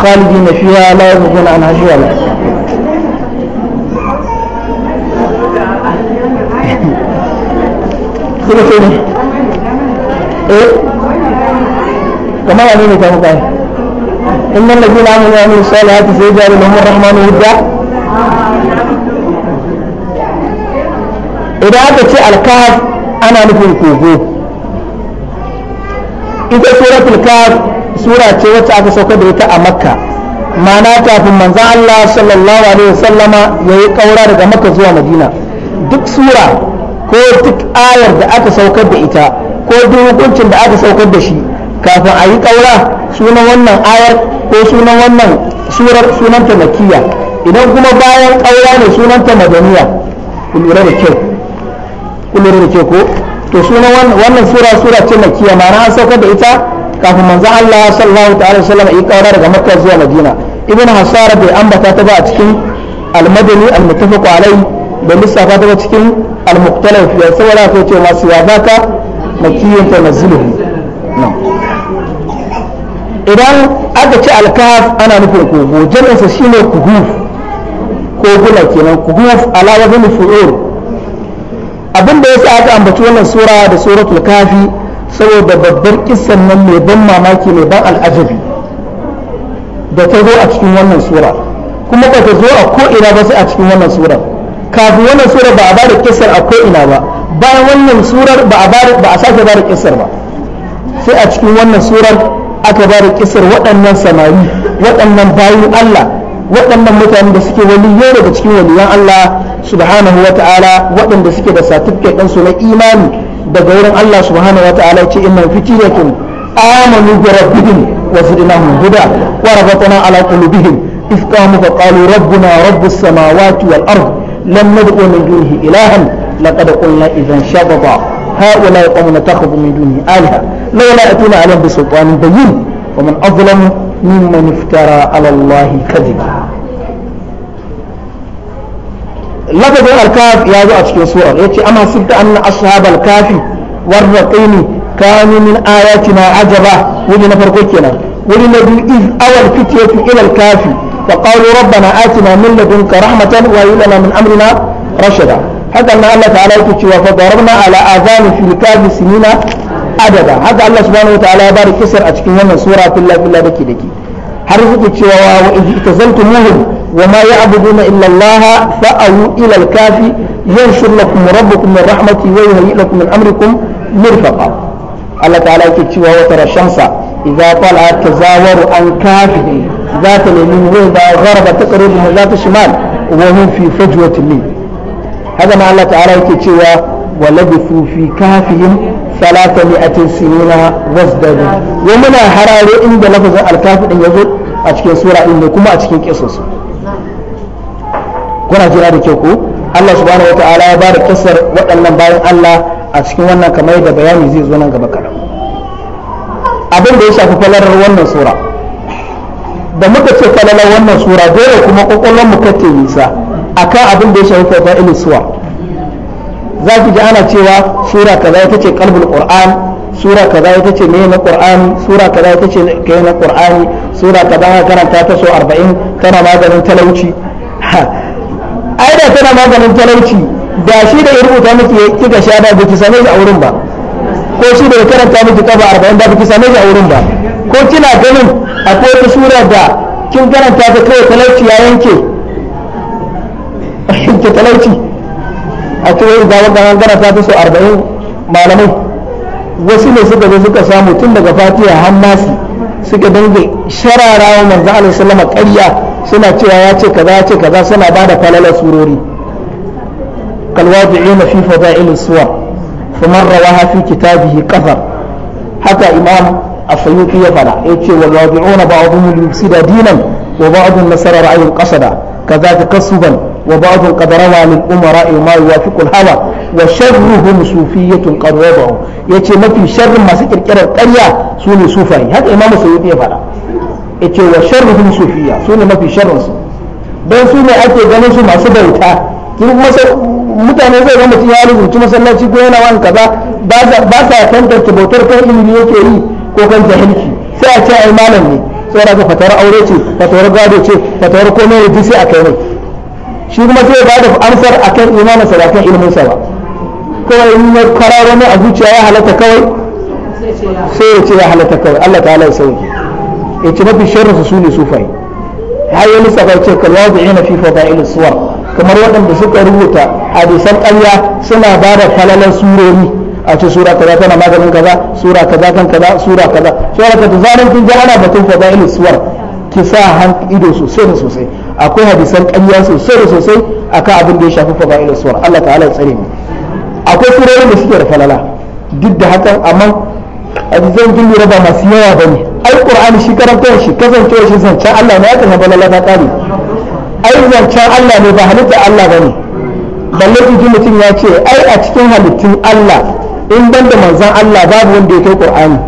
khalidin fiha la yughna anha shay'a kuma sai ne eh kamar wani ne ta mutane innal ladzina amanu wa amilus salihati sayaj'alu lahum rahmanu wudda idan aka ce alkaf ana nufin kogo ita suratul kaf sura ce wacce aka saukar da ita a makka ma'ana kafin manzan Allah sallallahu alaihi wasallama ya yi kaura daga makka zuwa madina duk sura ko duk ayar da aka saukar da ita ko duk hukuncin da aka saukar da shi kafin a yi kaura sunan wannan ayar ko sunan wannan surar sunanta makiya idan kuma bayan kaura ne sunanta madaniya ku lura da kyau kullum da ke ko to suna wannan sura sura ce na kiyama ma'ana an saukar da ita kafin manzo Allah sallallahu ta'ala wasallam ya kaura daga Makka zuwa Madina ibn Hasara bai ambata ta ba a cikin al-Madani al-muttafaq alai da lissafa ta ba cikin al-muqtalaf ya saboda ko ce masu yabaka makiyin tanazzulahu idan aka ce alkaf ana nufin kogo sa shine kuhuf koguna kenan kuhuf ala wazin fu'ur abin da yasa aka ambaci wannan sura da suratul kafi saboda babbar kissan nan mai ban mamaki mai ban al'ajabi da ta zo a cikin wannan sura kuma ba ta zo a ko'ina ba sai a cikin wannan sura kafin wannan sura ba a ba kissar a ko'ina ba bayan wannan surar ba a sake ba da kissar ba sai a cikin wannan surar aka ba da kissar waɗannan samari waɗannan bayin Allah waɗannan mutanen da suke waliyo daga cikin waliyan Allah subhanahu wa ta'ala waɗanda suke da satifiket ɗin su na imani daga wurin Allah subhanahu wa ta'ala ce in mafici da kin amanu ga rabbihim wa zidnahum huda wa rabatana ala qulubihim if qamu fa qalu rabbuna rabbus samawati wal ard lam nad'u min dunihi ilahan laqad qulna idhan shababa هؤلاء قوم نتخذ من دونه آلهة لولا أتينا عليهم بسلطان بين ومن أظلم ممن افترى على الله كذبا lafazin alkaf ya zo a cikin surar ya ce amma sibta anna ashab alkafi warraqini kanu min ayatina ajaba wuri na farko kenan wuri na biyu iz awal fitiyatu ila alkafi fa qalu rabbana atina min ladunka rahmatan wa lana min amrina rashada haka na Allah ta'ala yake cewa fa darabna ala azani fi kafi sinina adada haka Allah subhanahu wataala ya bari kisar a cikin wannan sura filla filla dake dake har suke cewa wa iz itazaltumuhum وما يعبدون إلا الله فأووا إلى الكافي ينشر لكم ربكم من رحمته ويهيئ لكم من أمركم مرفقا الله تعالى يكتشوا وترى الشمس إذا طلعت تزاور عن كافه ذات اليمين وإذا غربت تقربهم ذات الشمال وهم في فجوة لي هذا ما الله تعالى يكتشوا ولبثوا في كافهم ثلاثمائة سنين وازدادوا ومن حراري عند لفظ الكافر يزول أتكين سورة إنه كما أتكين كيسوس kuna jira da kyau ko Allah subhanahu wataala ya bada kisar waɗannan bayan Allah a cikin wannan kamar yadda bayani zai zo nan gaba kaɗan abin da ya shafi falalar wannan sura da muka ce falalar wannan sura dole kuma kwakwalwar mu kake nisa akan abin da ya shafi fadailin suwa za ki ji ana cewa sura kaza ita ce kalbul qur'an sura kaza ita ce meye na qur'ani sura kaza ita ce kai na qur'ani sura kaza ka karanta ta so 40 tana maganin talauci ai da tana maganin talauci da shi da ya rubuta miki kika sha da biki same shi a wurin ba ko shi da ya karanta miki kaba arba'in da biki same shi a wurin ba ko kina ganin akwai wata sura da kin karanta ta kai talauci ya yanke ki talauci a kai da wannan karanta ta so arba'in malamai wasu ne suka zo suka samu tun daga fatiha har nasi suka dinga shararawa manzo alaihi sallama ƙarya suna cewa ya ce kaza ya ce kaza suna ba da falalar surori kalwadu'ina fi fada'il suwar faman rawaha fi kitabihi kafar haka imam asayuti ya fada ya ce wal wadu'una ba'dhum yufsida dinan wa ba'dhum nasara ra'ayun qasada kaza takassuban wa ba'dhum qad rawa umara ma yuwafiqu al hawa wa sharruhum sufiyyatun qad ya yace mafi sharrin masu kirkirar ƙarya su ne sufayi haka imam asayuti ya fada yace wa sharruhum sufiya su ne mafi sharrinsu don su ne ake ganin su masu bauta kin mutane zai ga mutum ya rubuta masallaci ko yana wani kaza ba sa tantance bautar kan ilimi yake yi ko kan jahilci sai a ce ai malam ne sai ga fatawar aure ce fatawar gado ce fatawar komai duk sai a kai ne shi kuma sai ba da amsar akan imanin sa kan ilimin sa ba kawai in ya kararo ne a zuciya ya halatta kawai sai ya ce ya halatta kawai Allah ta'ala ya sauke ya ce mafi sharri su ne sufai har ya lissafa ce kalwa da fifa ba fada'il suwar kamar waɗanda suka rubuta hadisan ƙarya suna ba da falalar surori a ce sura kaza tana maganin kaza sura kaza kan kaza sura kaza sura kaza zaran kin ji ana batun fada'il suwar ki sa han ido sosai da sosai akwai hadisan ƙarya sosai da sosai akan abin da ya shafi fada'il suwar Allah ta'ala ya tsare mu akwai surori da suke da falala duk da hakan amma hadisan kin lura ba masu yawa bane ai qur'ani shi karantar shi kasance shi zancen Allah ne ya kan bala kare ai zancen Allah ne ba halitta Allah bane balle ji mutum ya ce ai a cikin halittun Allah in ban da manzon Allah babu wanda ya kai qur'ani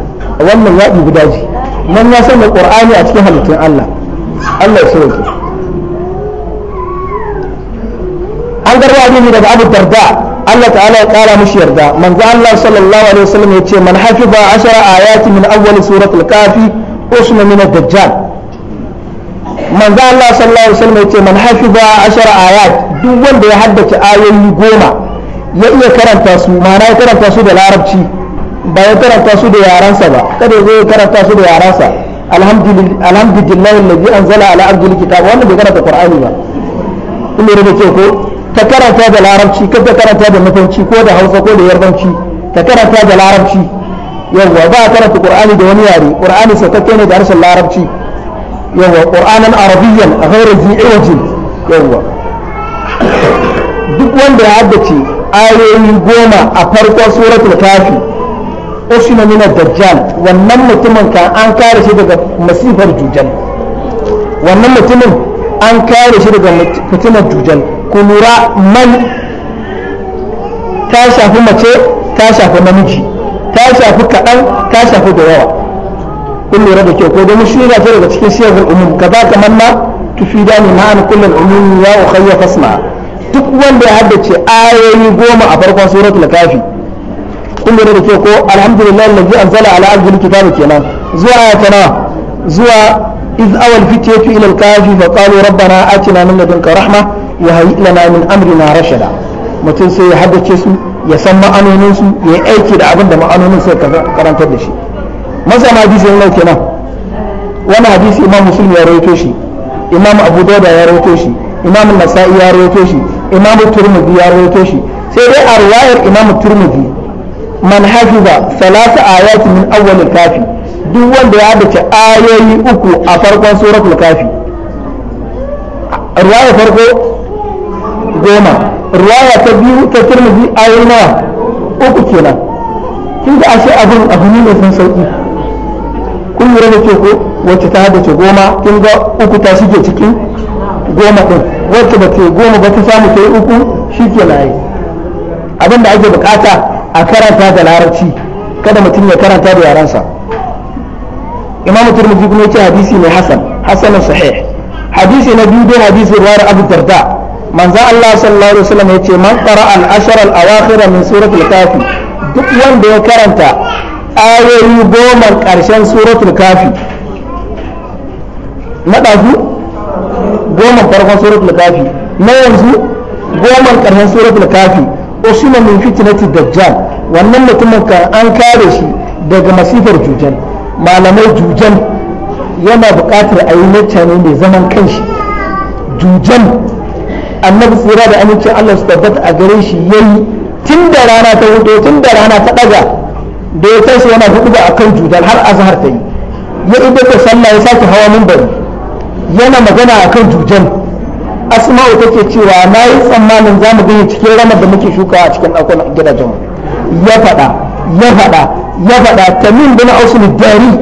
wannan ya dubi daji nan ya sanya qur'ani a cikin halittun Allah Allah ya shirya an garba hadisi daga Abu Darda Allah ta'ala ya kara mishi yarda manzo Allah sallallahu alaihi wasallam yace man hafiza ashara ayati min awwal suratul kafi usma min ad-dajjal manzo Allah sallallahu alaihi wasallam yace man hafiza ashara ayat duk wanda ya haddace ayoyi goma ya iya karanta su ma'ana ya karanta su da larabci ba ya karanta su da yaransa ba kada ya zo ya karanta su da yaransa alhamdulillah alladhi anzala ala abdil kitab wanda bai karanta qur'ani ba kullu da ke ko ka karanta da larabci ka ta karanta da mutunci ko da hausa ko da yarbanci ka karanta da larabci yawwa ba a karanta qur'ani da wani yare qur'ani sakakke ne da harshen larabci yawwa qur'anan arabiyyan a ghairu ji'ajin yawwa duk wanda ya haddace ayoyi goma a farkon suratul kafi usna min dajjal wannan mutumin kan an kare shi daga masifar jujjal wannan mutumin an kare shi daga fitinar dujal ku lura man ta shafi mace ta shafi namiji ta shafi kaɗan ta shafi da yawa kun lura da kyau ko domin shi yana daga cikin siyagar umum ka ba ka manna tufi tufida ne ma'an kullum umum ya ukhayya fasma duk wanda ya haddace ayoyi goma a farkon suratul lakafi kun lura da kyau ko alhamdulillah allazi anzala ala abdil kitabi kenan zuwa ayata zuwa إذ أوى الفتية إلى الكهف فقالوا ربنا آتنا من لدنك رحمة وهيئ لنا من أمرنا رشدا mutum sai ya haddace su ya san ma'anoninsu ya aiki da abin da ma'anonin sai karantar da shi masana hadisi yana kenan wani hadisi imam muslim ya rawaito shi imam abu dauda ya rawaito shi imam nasa'i ya rawaito shi imam turmudi ya sai dai a riwayar imam man salasa ayat min awwal kafi duk wanda ya dace ayoyi uku a farkon suratul kafi ruwaya farko goma ruwaya ta biyu ta turmi ayoyi nawa uku kenan kin ga ashe abin abu ne mai sauki kun lura da ke ko wacce ta haddace goma kin ga uku ta shige cikin goma din wacce ba ta goma ba ta samu ta yi uku shi ke laye abin da ake bukata a karanta da larabci kada mutum ya karanta da yaransa imam turmudi kuma yace hadisi mai hasan hasan sahih hadisi na biyu dai hadisi riwayar abu darda manzo Allah sallallahu alaihi wasallam yace man qara al ashar al awakhir min suratul kafi duk wanda ya karanta ayoyi goma karshen suratul kafi na ɗazu goma farkon suratul kafi na yanzu goma karshen suratul kafi usman min fitnati dajjal wannan mutumin kan an kare shi daga masifar jujjal malamai jujen yana bukatar a yi ne mai zaman kanshi jujan annabi tsira da amincin Allah su tabbata a gare shi yayi tun da rana ta hudu tun da rana ta ɗaga da ya tashi yana hudu a kan jujan har azhar ta yi ya idan da sallah ya sake hawa minbari yana magana a akan jujan asma'u take cewa na yi tsammanin za mu gani cikin ranar da muke shukawa a cikin ɗakunan gidajenmu ya faɗa ya faɗa ya faɗa tamim bin ausul dari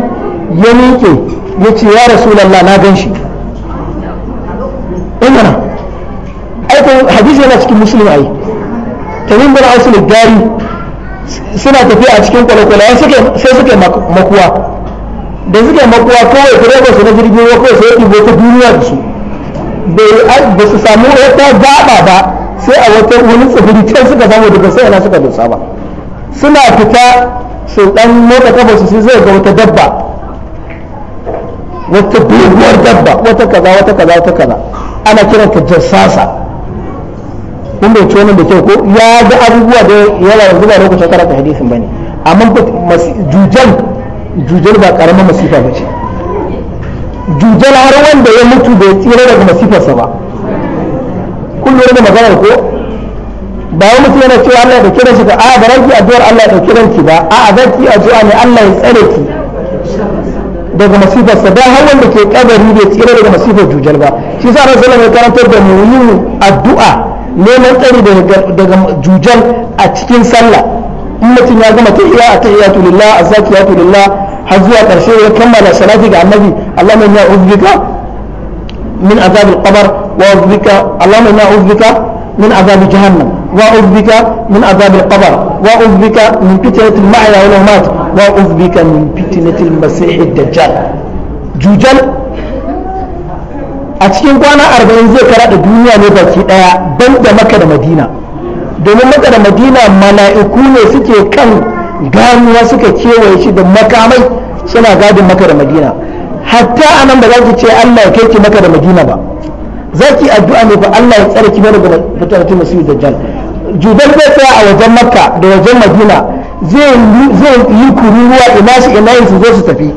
ya miƙe ya ce ya rasulallah na gan shi ɗan aikin hadisi yana cikin musulun ai tamim bin ausul dari suna tafiya a cikin kwale-kwale sai suke makuwa da suke makuwa kawai direban su na jirgin ruwa kawai sai ibo ta duniya da su ba su samu wata gaba ba sai a wata wani tsibiri can suka samu daga sai yana suka dosa ba suna fita su dan motsa kafa su zai ga wata dabba wata doguwar dabba wata kaza wata kaza wata kaza ana kiranta jassasa kun bai wani da kyau ko ya ga abubuwa da yawa yanzu ba lokacin karanta hadisin bane amma jujal jujal ba karamar masifa ba ce jujal har wanda ya mutu bai tsira daga masifarsa ba kullum da maganar ko ba wani mutum yana cewa Allah ya dauke da shi ba a ba ranki addu'ar Allah ya dauke da ki ba a a zaki addu'a ne Allah ya tsare ki daga masifar sa da har wanda ke kabari bai tsira daga masifar jujal ba shi yasa Rasul sallallahu alaihi karantar da mu yin addu'a neman tsari daga jujal a cikin sallah in mutum ya gama ta iya ta iya ya azzakiyatu lillah har zuwa karshe ya kammala salati ga annabi Allahumma inna a'udhu bika min azab al-qabr wa a'udhu Allah Allahumma inna a'udhu bika من عذاب جهنم وأعوذ بك من عذاب القبر وأعوذ بك من فتنة المعيا والممات وأعوذ بك من فتنة المسيح الدجال جوجل a cikin kwana arba'in zai kara duniya ne baki ɗaya, ban da maka da madina domin maka da madina mala'iku ne suke kan ganuwa suka kewaye shi da makamai suna gadin maka da madina hatta anan ba za ki ce allah ya kai ki maka da madina ba zaki addu'a ne fa Allah ya tsare ki daga fitaratun masu dajjal jubal zai tsaya a wajen makka da wajen madina zai yi kururuwa ina su ina su zo su tafi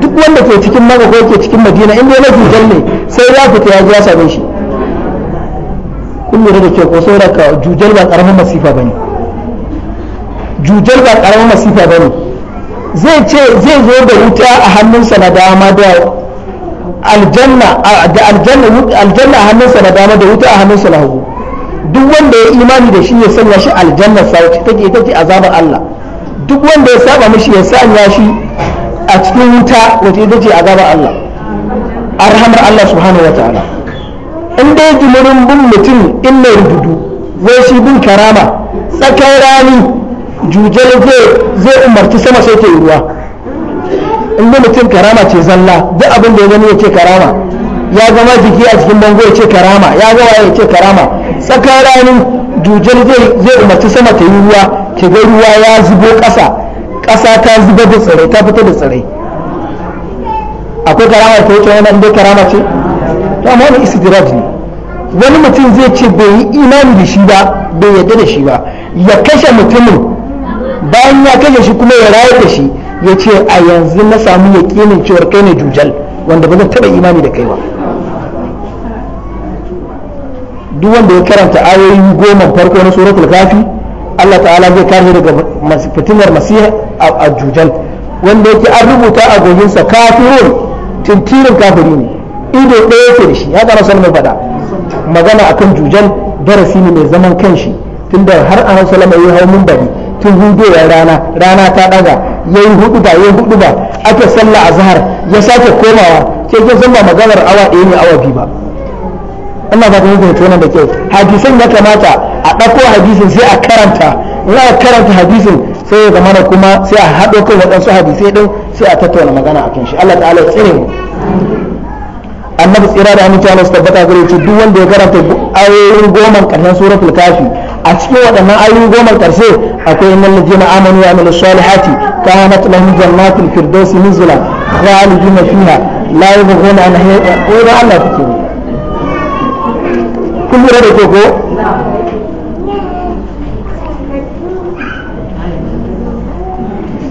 duk wanda ke cikin makka ko ke cikin madina inda yana dajjal ne sai ya fita ya ji ya same shi kun lura da ke ko sauraka jujal ba karamin masifa bane jujal ba karamin masifa bane zai ce zai zo da wuta a hannunsa na dama da aljanna da aljanna a hannunsa na dama da wuta a hannunsa na hagu duk wanda ya imani da shi ya sanya shi aljanna sa take ita ce azabar Allah duk wanda ya saba mishi ya sanya shi a cikin wuta wacce ita ce azabar Allah arhamar Allah subhanahu wataala in dai jimirin bin mutum in mai rubutu zai shi bin karama tsakar rani jujjal zai umarci sama sai ta yi ruwa in da mutum karama ce zalla duk abin da ya gani ya ce karama ya gama jiki a cikin bango ya ce karama ya gawa ya ce karama tsakar ranar Dujar zai umarci sama ta yi ruwa ki ga ruwa ya zubo ƙasa ƙasa ta zuba da tsirai ta fito da tsirai akwai karama ta wuce wani dai karama ce to amma wani istidraj ne wani mutum zai ce bai yi imani da shi ba bai yarda da shi ba ya kashe mutumin bayan ya kashe shi kuma ya rayar da shi ya ce a yanzu na samu yaƙinin cewar kai ne jujal wanda ba zan taɓa imani da kai ba duk wanda ya karanta ayoyi goma farko na suratul kafi Allah ta'ala zai kare daga fitinar masiha a jujal wanda yake an rubuta a goginsa kafirun tintirin kafiri ne ido ɗaya ke da shi ya ga mai faɗa magana akan jujal darasi ne mai zaman kanshi tunda har a salama yi hau mun bari tun hudu rana rana ta ɗaga yi hudu ba ya yi hudu ba aka salla zahar ya sake komawa sai ke ba maganar awa ɗaya ne awa biyu ba Allah ba ta yi zai tona da kyau hadisin ya kamata a ɗauko hadisin sai a karanta in aka karanta hadisin sai ya zamana kuma sai a haɗo kan waɗansu hadisai ɗin sai a tattauna magana a kan shi Allah ta'ala ya tsire mu annabi tsira da aminci Allah su tabbata gare shi duk wanda ya karanta ayoyin goma ƙarshen suratul kafi a cikin waɗannan ayoyi goma ƙarshe akwai innal ladina amanu wa amilus salihati kanat lahum jannatul firdausi nuzula khalidina fiha la yabghuna anha ko da Allah take kun lura da ke ko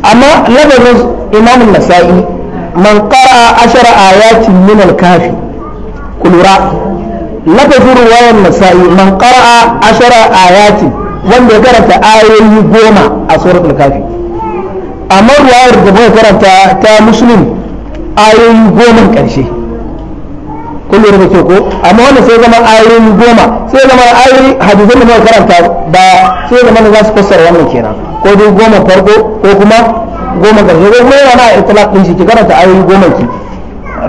amma labarin imamun nasa'i man qara ashara ayatin min al-kafi kulura lafazin ruwayan nasa'i man qara'a ashara ayati wanda ya karanta ayoyi goma a suratul kafi amma ruwayar da bai karanta ta muslim ayoyi goma karshe kun da ke ko amma wanda sai zama ayoyi goma sai zama ayoyi hadisan da bai karanta ba sai zama da za su fassara wannan kenan ko dai goma farko ko kuma goma karshe ko kuma yana na itlaq din shi ki karanta ayoyi goma ki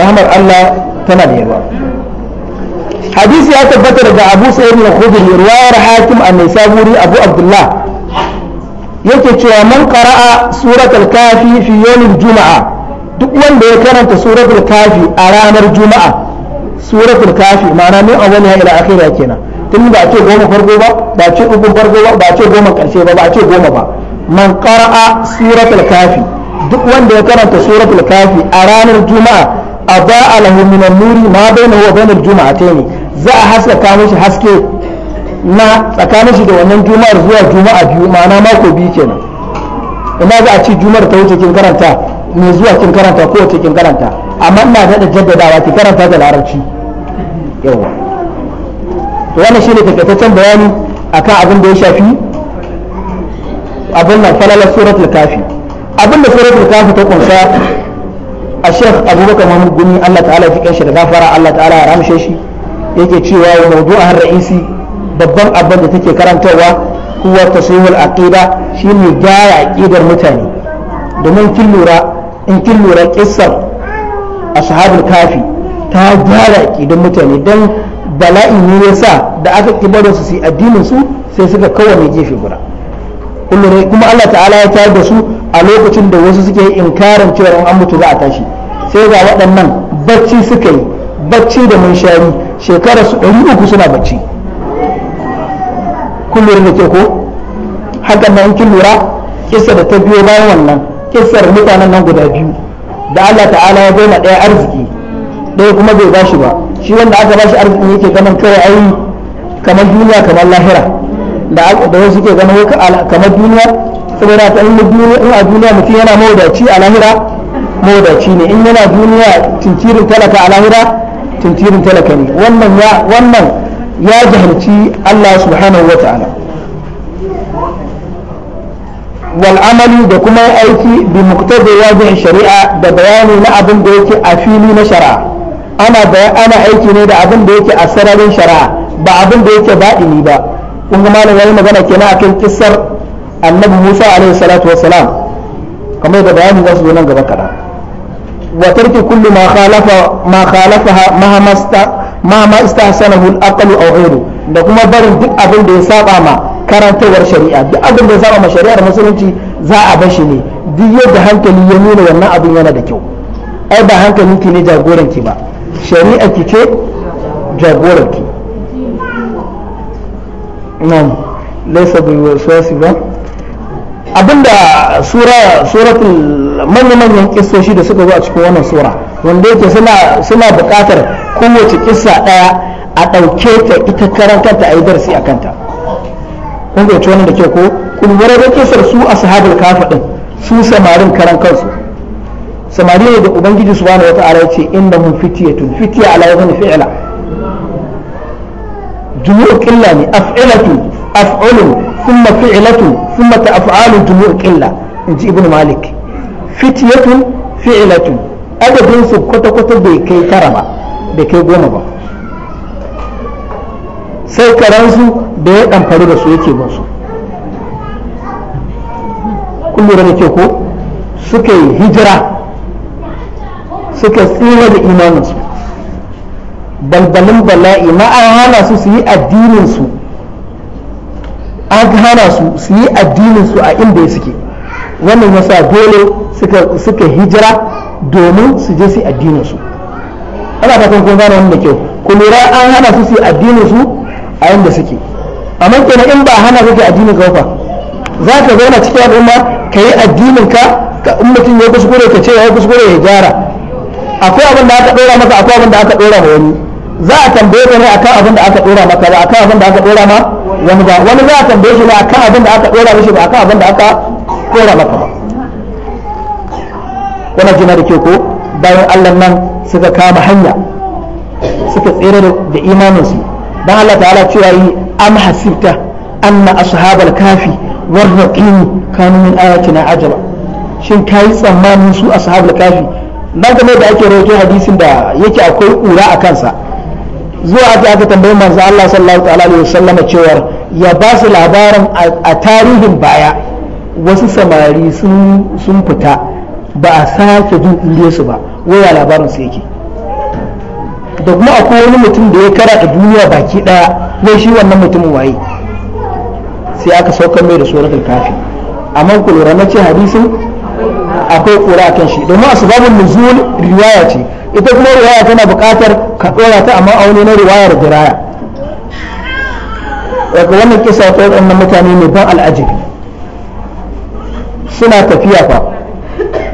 rahmar Allah tana da yawa hadisi ya tabbata daga abu sa'id al-khudri hakim an-nisaburi abu abdullah yake cewa man qara'a suratul kafi fi yawmil juma'a duk wanda ya karanta suratul kafi a ranar juma'a suratul kafi ma'ana min awwaliha ila akhiriha kenan tun ba a ce goma farko ba a ce uku farko ba ba a ce goma karshe ba a ce goma ba man duk wanda ya karanta a ranar juma'a أضاء nuri ma النور huwa بينه وبين ne. za a haskaka mishi haske na tsakanin shi da wannan juma'ar zuwa juma'a biyu ma'ana mako biyu kenan ina za a ci juma'ar ta wuce kin karanta ne zuwa kin karanta ko wace kin karanta amma ina daɗa jaddadawa ki karanta da larabci yawa to wannan shine takaitaccen bayani akan abin da ya shafi abin nan falalar suratul kafi abin da suratul kafi ta kunsa a shek abubakar mahmud gumi allah ta'ala ji kanshi da gafara allah ta'ala ya ramshe shi yake cewa wa a har ra'isi babban abin da take karantarwa huwa tasihul aqida shine gaya aqidar mutane domin kin lura in kin lura kissar ashabul kafi ta gyara aqidar mutane dan bala'i ne yasa da aka kibar su su addinin su sai suka kawo mai gefe guda kuma Allah ta'ala ya tayar da su a lokacin da wasu suke inkarin cewa in an mutu za a tashi sai ga waɗannan bacci suka yi bacci da munshari shekara su ɗari uku suna bacci kun da ke ko hakan nan kin lura kisa da ta biyo bayan wannan kisar mutanen nan guda biyu da Allah ta'ala ya bai ɗaya arziki ɗaya kuma bai bashi ba shi wanda aka bashi arziki yake ganin kawai ai kamar duniya kamar lahira da wasu ke ganin kamar duniya saboda ta in a duniya mutum yana mawadaci a lahira mawadaci ne in yana duniya tinkirin talaka a lahira tinkirin talaka ne wannan ya wannan ya jahilci Allah subhanahu wa ta'ala wal amali da kuma aiki bi muqtada wajin shari'a da bayani na abin da yake a fili na shari'a ana ana aiki ne da abin da yake a sararin shari'a ba abin da yake baɗini ba kun ga malam yayi magana kenan akan kissar annabi Musa alaihi salatu wa salam kamar da bayani za su zo nan gaba kada wa tarki kullu ma khalafa ma khalafaha ma masta ma ma istahsanahu al-aql aw ghayru da kuma barin duk abin da ya saba ma karantawar shari'a duk abin da ya saba ma shari'ar musulunci za a bashi ne duk yadda hankali ya nuna wannan abin yana da kyau ai ba hankalin ki ne jagoran ki ba shari'a ki ce jagoran ki nan laysa bi wasasi ba abinda sura suratul manya-manyan kissoshi da suka zo a cikin wannan sura wanda yake suna suna buƙatar kowace kissa ɗaya a ɗauke ta ita karan a yi darasi a kanta kun ga wannan da ke ko kun da kissar su ashabul kafa din su samarin karan kansu samari ne da ubangiji subhanahu wata'ala ya ce innahum mun fitiya ala yazni fi'la jumu'u qilla ne af'ilatu af'ulun ثم فعلة ثم أفعال جموع قلة إنجي ابن مالك فتية فعلة أدبين سكوتة كوتة بكي كربا بكي قومبا sai karansu da ya ɗamfari da su yake ba su kun lura da ke ko suka hijira suka tsira da imaninsu balbalin bala'i ma su yi addininsu an hana su su yi addinin su a inda suke wannan yasa dole suka hijira domin su je su addinin su ana fatan kun gane wannan kyau ku lura an hana su su addinin su a inda suke amma kenan in ba hana kake addinin ka fa za ka zauna cikin al'umma ka yi addinin ka in mutum ya kuskure ka ce ya kuskure ya gyara akwai abin da aka dora maka akwai abin da aka dora ma wani za a tambaye ka ne akan abin da aka dora maka ba akan abin da aka dora ma wani ba wani za a tambaye shi ne akan abin da aka dora mishi ba akan abin da aka kora maka ba wannan jina da ke ko bayan Allah nan suka kama hanya suka tsere da imaninsu dan Allah ta'ala cewa yi am hasibta anna ashabal kafi war raqim kanu min ayatina ajaba shin kai tsammanin su ashabul kafi dan game da ake rawaito hadisin da yake akwai kura a kansa zuwa aka aka tambayi manzo Allah sallallahu alaihi wasallam cewa ya ba su labarin a tarihin baya wasu samari sun fita ba a sake jin su ba waya labarin su yake da kuma akwai wani mutum da ya kara da duniya baki ɗaya wai shi wannan mutumin waye sai aka saukar mai da suratul kafi amma ku na ce hadisin akwai kura kan shi domin asbabun nuzul riwaya ce ita kuma riwaya tana buƙatar ka ɗora ta amma auni na riwayar diraya daga wannan kisa ta wannan mutane ne ban al'ajabi suna tafiya fa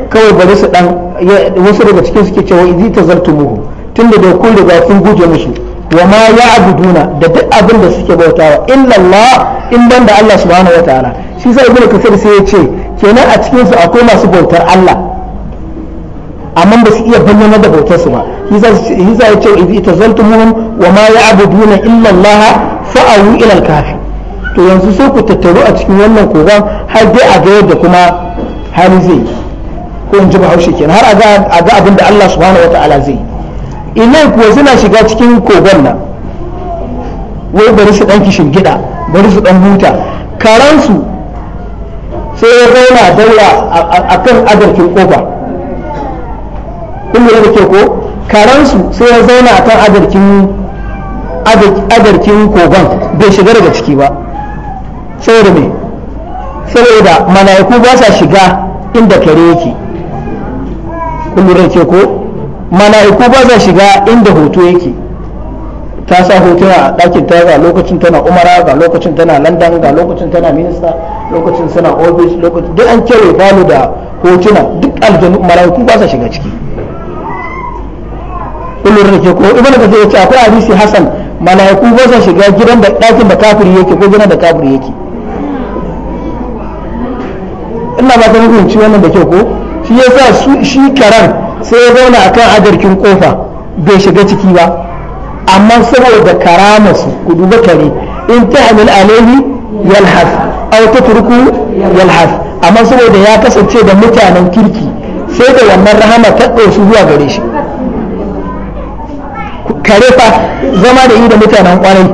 kawai bari su dan wasu daga cikin suke cewa idzi tazartumuhu tunda da kun riga kun guje musu wa ma ya'buduna da duk abin da suke bautawa illa Allah in ban da Allah subhanahu wataala shi sai ibnu kasir sai ya ce kenan a cikinsu akwai masu bautar Allah amma ba su iya bayyana da bautar su ba shi za ya ce idh itazaltumuhum wa ma ya'buduna illa Allah fa'awu ila al kafi to yanzu sai ku tattaru a cikin wannan kogon har dai a ga yadda kuma hali zai ko in ji bahaushe kenan har a ga abinda Allah subhanahu wata'ala zai ilai kuwa suna shiga cikin kogon nan wai bari su dan kishin gida bari su dan huta karansu sai ya zauna daura a kan adarkin kofa kun da ke ko karansu sai ya zauna a kan adarkin kogon bai shiga daga ciki ba saboda me saboda mala'iku ba sa shiga inda kare yake kun da ke ko mala'iku ba sa shiga inda hoto yake ta sa hotuna a ɗakin ta ga lokacin tana umara ga lokacin tana london ga lokacin tana minista lokacin suna ofis lokacin duk an kere falo da hotuna duk aljanu mala'iku ba sa shiga ciki kullum da ke ko ibn da ke akwai hadisi hasan mala'iku ba sa shiga gidan da dakin da kafiri yake ko gidan da kafiri yake ina ba ta fahimci wannan da ke ko shi ya sa shi karan sai ya zauna akan adarkin kofa bai shiga ciki ba amma saboda karamarsu ku duba kare in ta'amil alaihi yalhas aw tatruku yalhas amma saboda ya kasance da mutanen kirki sai da wannan rahama ta ɗauki zuwa gare shi kare fa zama da yi da mutanen kwarai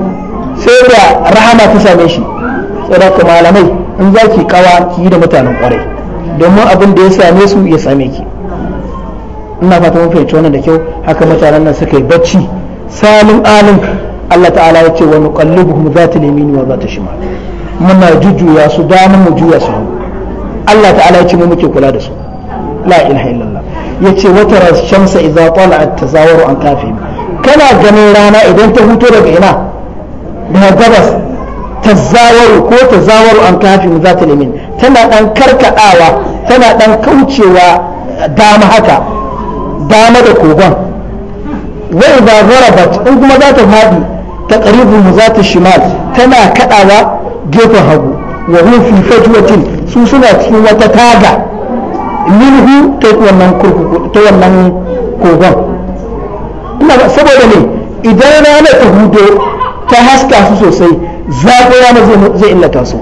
sai da rahama ta same shi saboda malamai in za ki kawa ki yi da mutanen kwarai domin abin da ya same su ya same ki ina fata mun fahimci wannan da kyau haka mutanen nan suka yi bacci salin alin Allah ta'ala ya ce wani wa nuqallibuhum zata yamin wa zata shimal muna jujjuya su dama mu juya su Allah ta'ala ya ce mu muke kula da su la ilaha illallah yace wa tara shamsa idza tala'at tazawaru an kafihim kana ganin rana idan ta huto daga ina daga gabas tazawaru ko tazawaru an kafihim za ta limin tana dan karkadawa tana dan kaucewa dama haka dama da kogon wa idza gharabat in kuma za ta fadi mu za ta shimal tana kadawa gefen hagu wa hum fi fajwatin su suna cikin wata taga minhu ta wannan kurkuku ta wannan kogon saboda ne idan rana ta hudo ta haska su sosai zafin rana zai illata su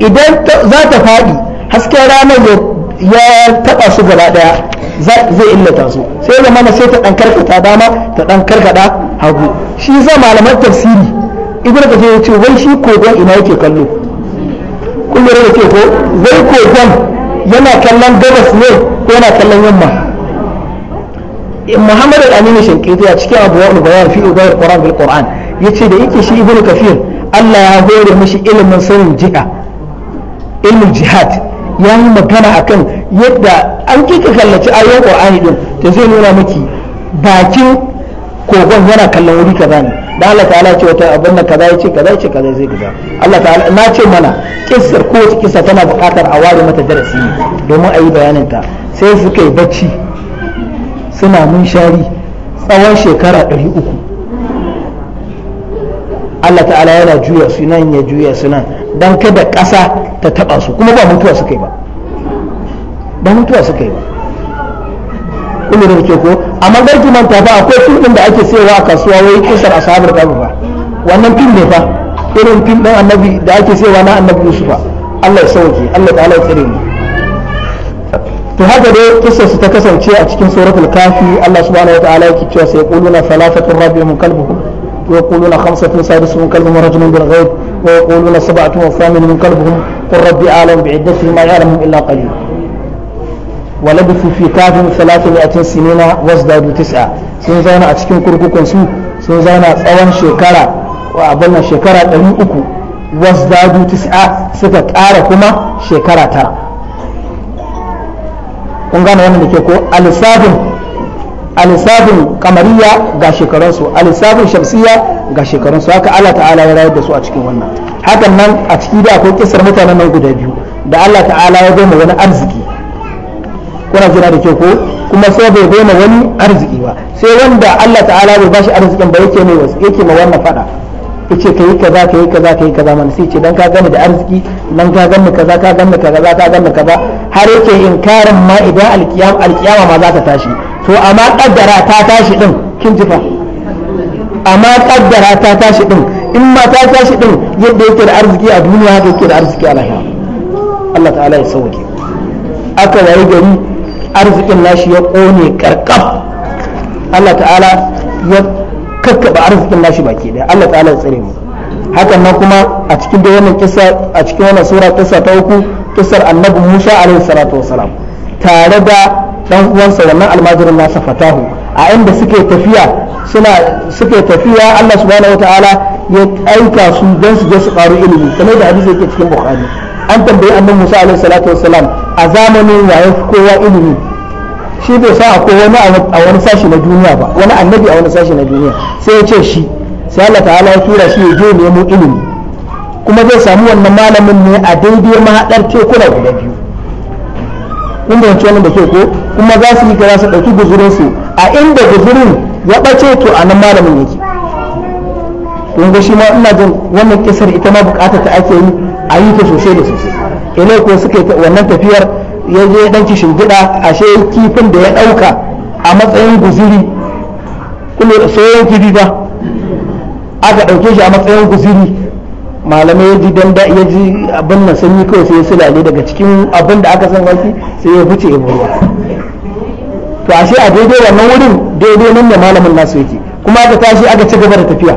idan za ta faɗi hasken rana ya taɓa su gaba ɗaya zai illata su sai da mana sai ta ɗan karkata dama ta ɗan karkada hagu shi zama malaman tafsiri ibn kathir ya ce wai shi kogon ina yake kallo kullum lura da ko wai kogon yana kallon gabas ne ko yana kallon yamma muhammad al-amin shankiti a cikin abuwa bayan fi ubayar quran bil quran yace da yake shi ibnu kafir Allah ya hore mishi ilimin sanin jiha ilmin jihad ya yi magana akan yadda an kika kallaci ayoyin qur'ani din da zai nuna miki bakin kogon yana kallon wuri kaza ne da Allah ta'ala ce wata abin da kaza yace kaza yace kaza zai kaza Allah ta'ala na ce mana kissar ko wata kissa tana buƙatar a ware mata darasi domin ayi bayanin ta sai suka yi bacci suna mun shari tsawon shekara 300 Allah ta'ala yana juya su nan ya juya su nan dan kada ƙasa ta taba su kuma ba mutuwa suka yi ba ba mutuwa suka yi ba kun da ke ko amma garki manta fa akwai fim din da ake sayawa a kasuwa wai kisar ashabul qabr fa wannan fim ne fa irin fim din annabi da ake sayawa na annabi yusufa Allah ya sauke Allah ta'ala ya tsare mu to haka dai kissa su ta kasance a cikin suratul kafi Allah subhanahu wa ta'ala yake cewa sai quluna salatatu rabbihum qalbuhum wa yaquluna khamsatun sadisuhum qalbuhum rajulun bil ghaib wa yaquluna sab'atun wa thaminun qalbuhum qur rabbi a'lamu bi'iddatihi ma ya'lamu illa qalil ولبثوا في كهف ثلاثمائة سنين وازدادوا تسعة sun zauna a cikin kurkukun su sun zauna tsawon shekara wa abin shekara ɗari uku wasdadu tis'a ƙara kuma shekara tara kun gane wannan da ke ko alisabin alisabin kamariya ga shekarunsu alisabin shamsiya ga shekarunsu haka Allah ta'ala ya rayar da su a cikin wannan hakan nan a ciki da akwai kisar mutanen nan guda biyu da Allah ta'ala ya gama wani arziki kuna jira da ke ko kuma sai bai bai ma wani arziki ba sai wanda Allah ta'ala bai bashi arzikin ba yake mai wasu yake ma wannan fada yace kai kaza kai kaza kai kaza mana sai ce dan ka gani da arziki dan ka gani kaza ka gani kaza ka gani kaza har yake inkarin ma idan alkiyam alkiyama ma za ta tashi to amma kaddara ta tashi din kin jifa amma kaddara ta tashi din in ma ta tashi din yadda yake da arziki a duniya da yake da arziki a lahira Allah ta'ala ya sauke aka wayi gari arzikin nashi ya kone karkaf Allah ta'ala ya kakkaba arzikin nashi baki daya Allah ta'ala ya tsare mu hakan nan kuma a cikin da wannan kissa a cikin wannan sura kissa ta uku kissar annabi Musa alaihi salatu wasalam tare da dan uwansa wannan almajirin nasa fatahu a inda suke tafiya suna suke tafiya Allah subhanahu wataala ya aika su don su je su ƙaru ilimi kamar da hadisi yake cikin Bukhari an tambayi annabi Musa alaihi salatu wasalam a zamanin yayin kowa ilimi shi bai sa akwai wani a wani sashi na duniya ba wani annabi a wani sashi na duniya sai ya ce shi sai Allah ta'ala ya tura shi ya je nemo ilimi kuma zai samu wannan malamin ne a daidai mahaɗar tekuna guda biyu inda bayanci wannan da ke ko kuma za su yi gara su ɗauki guzurin su a inda guzurin ya ɓace to a nan malamin yake kun ga shi ma ina jin wannan kisar ita ma bukatar ta ake yi a yi ta sosai da sosai ilai ko suka wannan tafiyar ya je dan kishin gida ashe kifin da ya dauka a matsayin guziri kuma soyayyen kifi ba aka dauke shi a matsayin guziri malamai ya ji danda ya ji abin nan sanyi kawai sai ya sulale daga cikin abin da aka san waki sai ya fice ruwa to ashe a daidai wannan wurin daidai nan da malamin nasu yake kuma aka tashi aka ci gaba da tafiya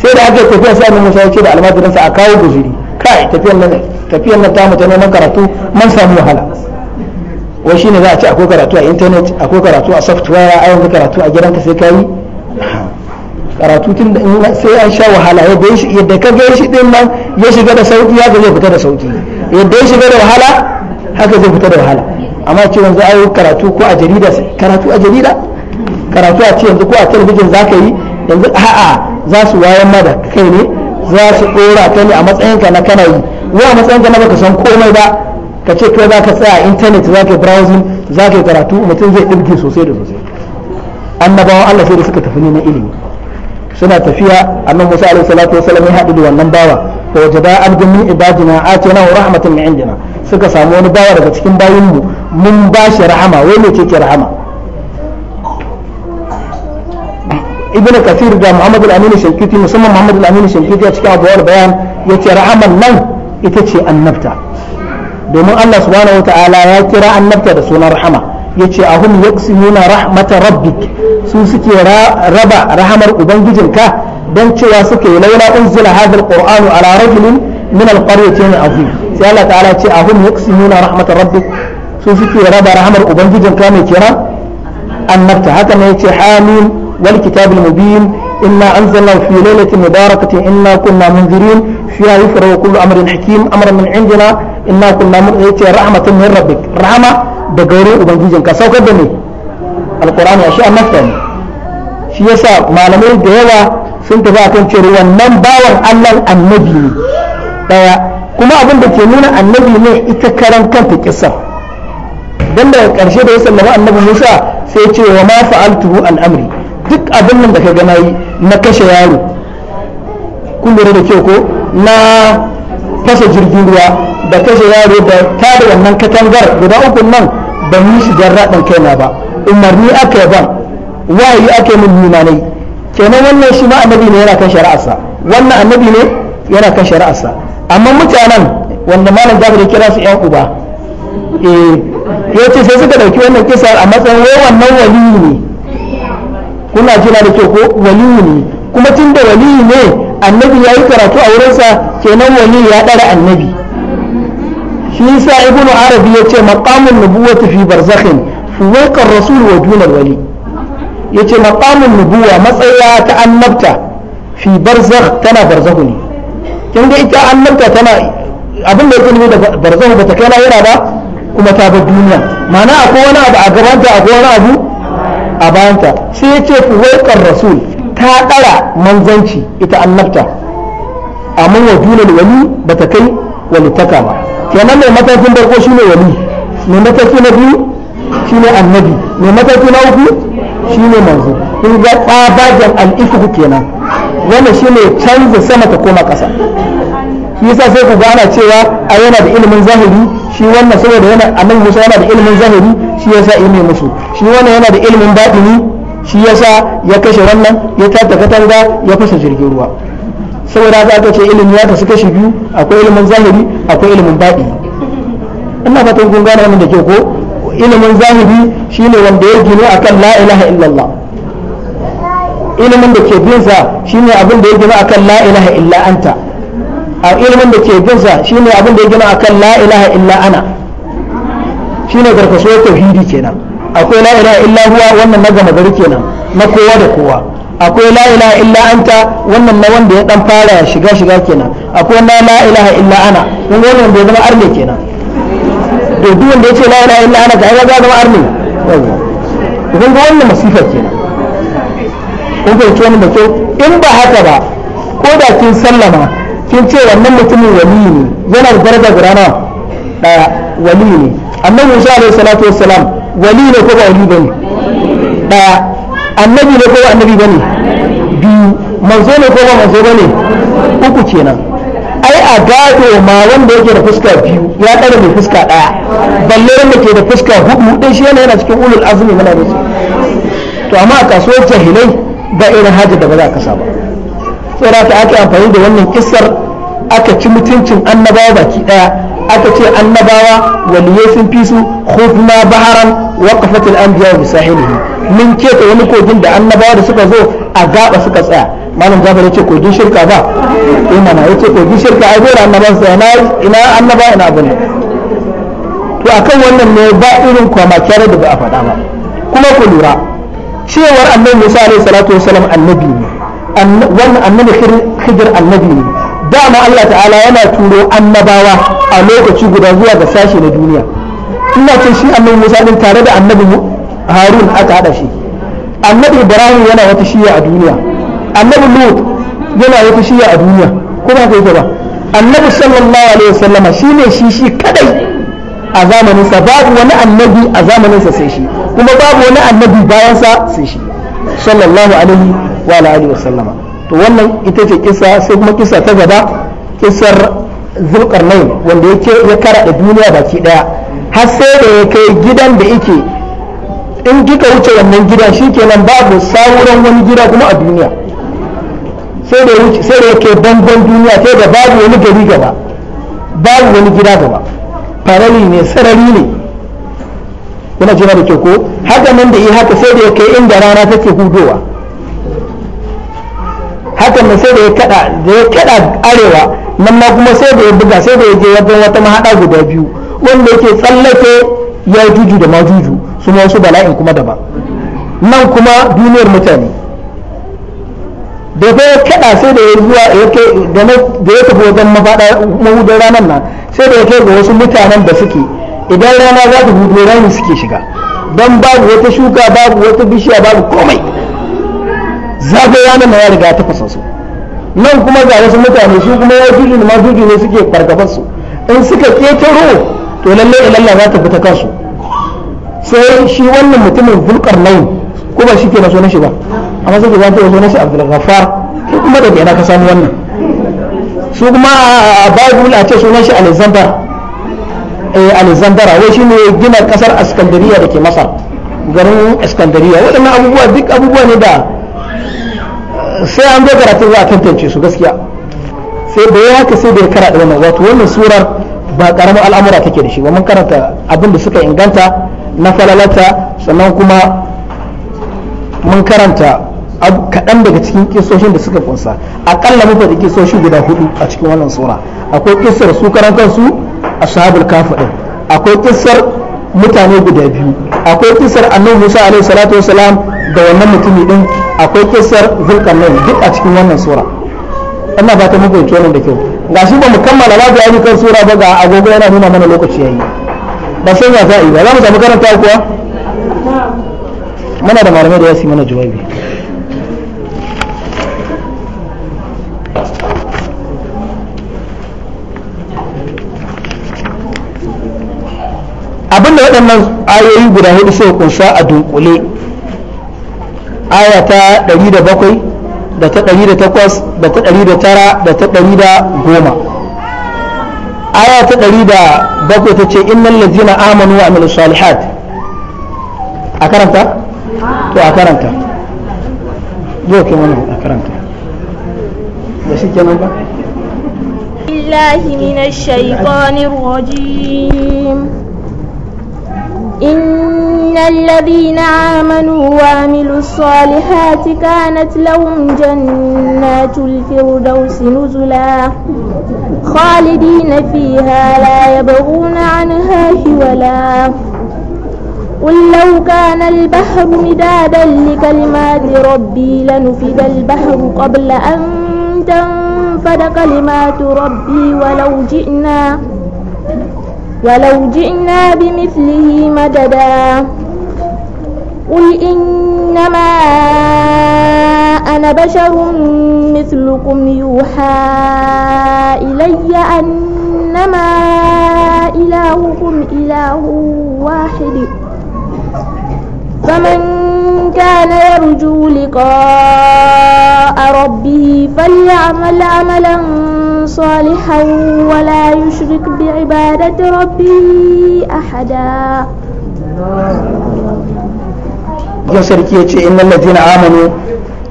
sai da aka tafiya sai annabi Musa ya ce da almajiransa a kawo guziri kai tafiyan nan tafiyan nan tamu ta neman karatu man samu wahala wai shine za a ce akwai karatu a internet akwai karatu a software a yanzu karatu a gidanka sai kai karatu tun da sai an sha wahala yadda shi yadda ka ga shi din nan ya shiga da sauki haka zai fita da sauki yadda ya shiga da wahala haka zai fita da wahala amma ce yanzu ayo karatu ko a jarida karatu a jarida karatu a ce yanzu ko a talabijin za ka yi yanzu a'a za su wayan ma da kai ne za su ɗora ta ne a matsayinka na kana yi wa matsayinka na baka san komai ba ka ce kai za ka tsaya intanet za ka browsing za ka karatu mutum zai ɗirge sosai da sosai annabawan Allah sai da suka tafi neman ilimi suna tafiya annan Musa alaihi salatu wasallam ya haɗu da wannan bawa wa wajada abdun min ibadina atina rahmatan min indina suka samu wani bawa daga cikin bayinmu mun ba shi rahama wai mece ce rahama ibn kathir da muhammad al-amin shankiti musamman muhammad al-amin shankiti a cikin abuwar bayan ya ce rahamar nan ita ce annabta domin allah subhanahu wataala ya kira annabta da sunan rahama ya ce a hum yaksimuna rahmata rabbik su suke raba rahamar ubangijinka don cewa suke laula unzila hadha al-qur'anu ala rajulin min al-qaryatayn azim sai allah ta'ala ce a yaksimuna rahmata rabbik su suke raba rahamar ubangijinka mai kira annabta haka ne ya ce hamim والكتاب المبين إنا أنزلناه في ليلة مباركة إنا كنا منذرين فيها يفرغ كل أمر حكيم أمر من عندنا إنا كنا رحمة من ربك رحمة بغير أبنجيجن كسو كدني القرآن أشياء مفتن shi yasa malamai da yawa sun tafi akan cewa wannan bawan Allah annabi ne daya kuma abin da ke nuna annabi ne ita karan kanta kissa dan daga karshe da ya sallama annabi Musa sai ya ce wa ma fa'altuhu al amri duk abin nan da ka gana yi na kashe yaro kun da kyau ko na fasa jirgin ruwa da kashe yaro da tada wannan katangar guda uku nan ba ni shi raɗin kaina ba umarni aka yi ban wahayi aka yi min nunanai kenan wannan shi ma annabi ne yana kan shari'arsa wannan annabi ne yana kan shari'arsa amma mutanen wanda malam jabir ya kira su yan uba eh yace sai suka dauki wannan kisa a matsayin wai wannan waliyi ne kuna jira da kyau ko waliyu ne kuma tun da waliyu ne annabi ya yi karatu a wurinsa kenan waliyu ya ɗara annabi shi yasa ibnu arabi ya ce maqamun nubuwati fi barzakhin fuwaqar rasul wa dunal wali Ya yace maqamun nubuwa matsaya ta annabta fi barzakh tana barzakhu ne kin ga ita annabta tana abin da yake nufi da barzakhu ba ta kai lahira ba kuma ta bar duniya ma'ana akwai wani abu a gaban ta akwai wani abu a bayanta sai ya ce fuwaikar rasul ta ɗara manzanci ita annabta amma wa dunar wani ba ta kai walitaka ba kenan mai matakin shi ne wani. mai mataki na biyu ne annabi mai mataki na uku shi ne manzo kun ga tsabagen al'ifuku kenan wanda ne canza sama ta koma ƙasa shi yasa sai ku gana cewa a yana da ilimin zahiri shi wannan saboda yana annabi Musa yana da ilimin zahiri shi ya sa mai musu shi wani yana da ilimin batini shi ya sa ya kashe wannan ya tata katanga ya fasa jirgin ruwa saboda haka aka ce ilimi ya su kashe biyu akwai ilimin zahiri akwai ilimin batini ina fatan kun gane wannan da ke ko ilimin zahiri shine wanda ya gino akan la ilaha illallah ilimin da ke bin sa shine abin da ya gino akan la ilaha illa anta a ilimin da ke bin sa shine abin da ya gino akan la ilaha illa ana shine ya tauhidi kenan akwai la ilaha illa huwa wannan na gama gari kenan na kowa da kowa akwai la ilaha illa anta wannan na wanda ya dan fara shiga shiga kenan akwai na la ilaha illa ana kun ga wannan ya zama arne kenan to duk wanda yace la ilaha illa ana ga ga zama arne kun ga wannan masifa kenan kun ga da kyau in ba haka ba ko da kin sallama kin ce wannan mutumin wali ne yana da daraja gurana daya wali ne annabi Musa alayhi salatu wassalam wali ne ko ba wali bane daya annabi ne ko ba annabi bane biyu manzo ne ko ba manzo bane uku kenan ai a gado ma wanda yake da fuska biyu ya tsara mai fuska daya balle wanda ke da fuska hudu din shi yana yana cikin ulul azumi mana da su, to amma a kasuwar jahilai ba irin hajji da ba za ka saba saboda ta aka amfani da wannan kissar aka ci mutuncin annabawa baki daya aka ce annabawa waliyai sun fi su khufna baharan waqafat al-anbiya bi sahilihi mun ta wani kogin da annabawa da suka zo a gaba suka tsaya malam jabir yace kogin shirka ba eh mana yace kogin shirka ai gore annaban sa ina ina annaba ina abun to akan wannan ne ba irin kwamakiyar da ba a faɗa ba kuma ku lura cewar annabi Musa alaihi salatu wasalam annabi ne wannan annabi Khidir annabi ne dama Allah ta'ala yana turo annabawa a lokaci guda zuwa ga sashe na duniya ina ce shi annabi Musa din tare da annabi Harun aka hada shi annabi Ibrahim yana wata shiya a duniya annabi Lut yana wata shiya a duniya kuma ka yake ba annabi sallallahu alaihi wasallama shine shi shi kadai a zamanin sa babu wani annabi a zamanin sa sai shi kuma babu wani annabi bayan sa sai shi sallallahu alaihi wa alihi wasallama to wannan ita ce kisa sai kuma kisa ta gaba kisar zulkarnain wanda yake ya da duniya baki ɗaya har sai da ya kai gidan da yake in kika wuce wannan gidan shikenan babu sauran wani gida kuma a duniya sai da ya ke bangon duniya sai da babu wani gari gaba babu wani gida gaba farali ne sarari ne kuna jira da ke ko haka nan da yi haka sai da ya kai inda rana take hudowa haka ne sai da ya kada da ya kada arewa nan ma kuma sai da ya buga sai da ya je wajen wata mahada guda biyu wanda yake tsallake ya juju da majuju su ma wasu bala'in kuma daban nan kuma duniyar mutane da ya kada sai da ya zuwa da ya tafi wajen mafaɗa mahudar ranar nan sai da ya kai ga wasu mutanen da suke idan rana za ta hudu rani suke shiga don babu wata shuka babu wata bishiya babu komai zagaya na ya riga ta fasa su nan kuma ga wasu mutane su kuma ya juji da majuji ne suke fargabar su in suka ketaro to lalle ilalla za ta fita kansu sai shi wannan mutumin fulkar nai ko ba shi ke na sunan shi ba amma sai ke ta da sunan shi abdul ghaffar ko kuma da yana ka samu wannan su kuma a bible a ce sunan shi alexander eh alexander wai ne gina kasar askandariya da ke masar garin askandariya waɗannan abubuwa duk abubuwa ne da sai an zo karatu za a tantance su gaskiya sai da ya haka sai da ya karaɗa wannan wato wannan surar ba karamin al'amura take da shi ba mun karanta abin da suka inganta na falalata sannan kuma mun karanta kaɗan daga cikin kisoshin da suka kunsa aƙalla mun faɗi kisoshi guda hudu a cikin wannan sura akwai kisar su karan kansu ashabul kafirin akwai kisar mutane guda biyu akwai kisar annabi Musa alaihi salatu wasalam da wannan mutumi din akwai kisar zulkarnain duk a cikin wannan sura ina ba ta mugun wannan da kyau gashi ba mu kammala ba ga kan sura ba ga agogo yana nuna mana lokaci yayi ba sai ya za'i ba za mu samu karanta kuwa muna da malamai da yasi mana jawabi abinda waɗannan ayoyi guda hudu suka kunsha a dunkule aya ta 107 da ta 108 da ta 109 da ta 110 aya ta 107 ta ce innal ladzina amanu wa amilus salihat a karanta to a karanta zo ke mana a karanta da shi kenan ba billahi minash shaitanir rajim إن الذين آمنوا وعملوا الصالحات كانت لهم جنات الفردوس نزلا خالدين فيها لا يبغون عنها حولا قل لو كان البحر مدادا لكلمات ربي لنفد البحر قبل أن تنفد كلمات ربي ولو جئنا ولو جئنا بمثله مددا قل إنما أنا بشر مثلكم يوحى إلي أنما إلهكم إله واحد فمن كان يرجو لقاء ربه فليعمل عملا صالحا ولا يشرك بعبادة ربه أحدا Allah sarki ya ce innal ladina amanu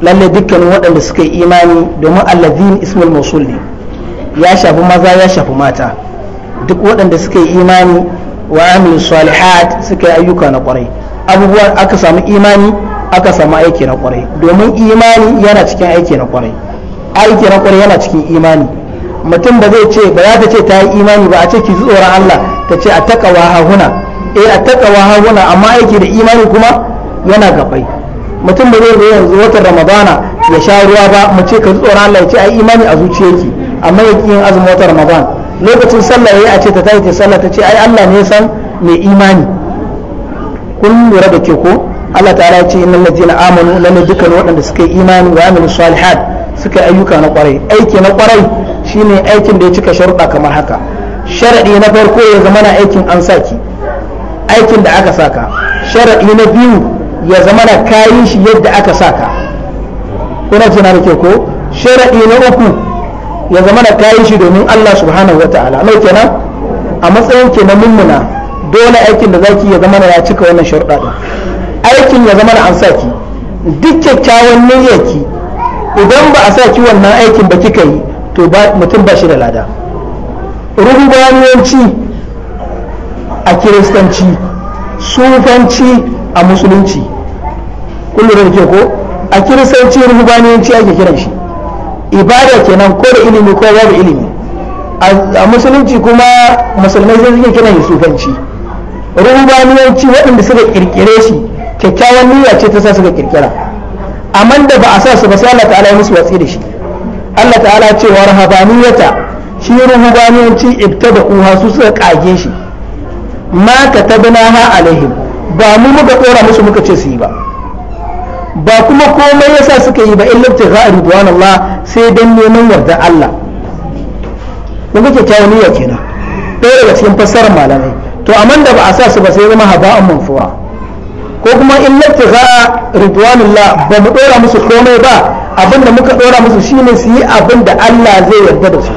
lalle dukkanin waɗanda suka yi imani domin alladhin ismul mawsul ne ya shafi maza ya shafi mata duk waɗanda suka yi imani wa amilu salihat suka yi ayyuka na ƙwarai abubuwan aka samu imani aka samu aiki na ƙwarai domin imani yana cikin aiki na ƙwarai aiki na ƙwarai yana cikin imani mutum ba zai ce ba za ta ce ta yi imani ba a ce ki tsoron Allah ta ce a takawa hahuna eh a takawa hahuna amma aiki da imani kuma yana gabai mutum ba zai zo wata watan ramadana ya sha ruwa ba mu ce ka tsoron Allah ya ce a imani a zuciyarki amma ya ki yin azumin watan ramadan lokacin sallah yayi a ce ta tayi ta sallah ta ce ai Allah ne san mai imani kun lura da ke ko Allah ta'ala ya ce innal ladina amanu lana dukkan waɗanda suka yi imani wa amilu salihat suka yi ayyuka na kwarai aiki na kwarai shine aikin da ya cika sharuɗa kamar haka sharaɗi na farko ya zama na aikin an saki aikin da aka saka sharaɗi na biyu ya zama na kayan shi yadda aka saka kuna tuna da ke ko sharaɗi na uku ya zama na kayan shi domin Allah subhanahu wa ta'ala nau kenan a matsayin ke na mummuna dole aikin da zaki ya zama na ya cika wannan sharuɗa ɗin aikin ya zama na an saki duk kyakkyawan niyyarki idan ba a saki wannan aikin ba kika yi to mutum ba shi da lada rububaniyanci a kiristanci sufanci a musulunci kullum da ke ko a kiristanci rububaniyanci ake kiran shi ibada kenan ko da ilimi ko babu ilimi a musulunci kuma musulmai zai suke kiran sufanci rububaniyanci waɗanda suka kirkire shi kyakkyawan niyya ce ta sa suka kirkira amma da ba a sa su ba sai Allah ta'ala ya musu watsi da shi Allah ta'ala ce wa rahabaniyata shi ruhubaniyanci ibtada uha su suka kage shi ma katabna ha alaihim ba mu muka dora musu muka ce su yi ba ba kuma komai yasa suka yi ba illa ibtigha ridwan Allah sai dan neman yarda Allah mun kake tawaniya kenan ɗaya daga cikin fassarar malamai to amma da ba a sa su ba sai zama haba'an manfuwa ko kuma illa ridwan Allah ba mu dora musu komai ba abin da muka ɗora musu shine su yi abin da Allah zai yarda da su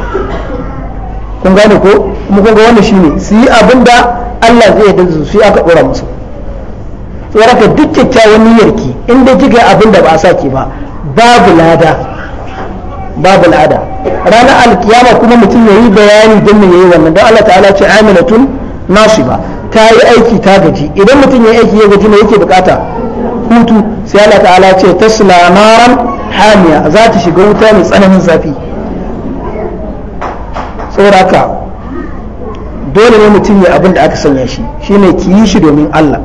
kun gane ko kuma kun ga wannan shine su yi abin da Allah zai yarda da su sai aka ɗora musu ka duk kyakkyawan niyyarki in dai kika abin da ba a saki ba babu lada babu lada ranar alkiyama kuma mutum ya yi bayani don me yayi wannan don Allah ta'ala ce aminatun nasiba ta yi aiki ta gaji idan mutum ya yi aiki ya gaji ne yake bukata hutu sai Allah ta'ala ce tasla naran hamiya za ta shiga wuta mai tsananin zafi tsoraka dole ne mutum ya abin da aka sanya shi shine ki yi shi domin Allah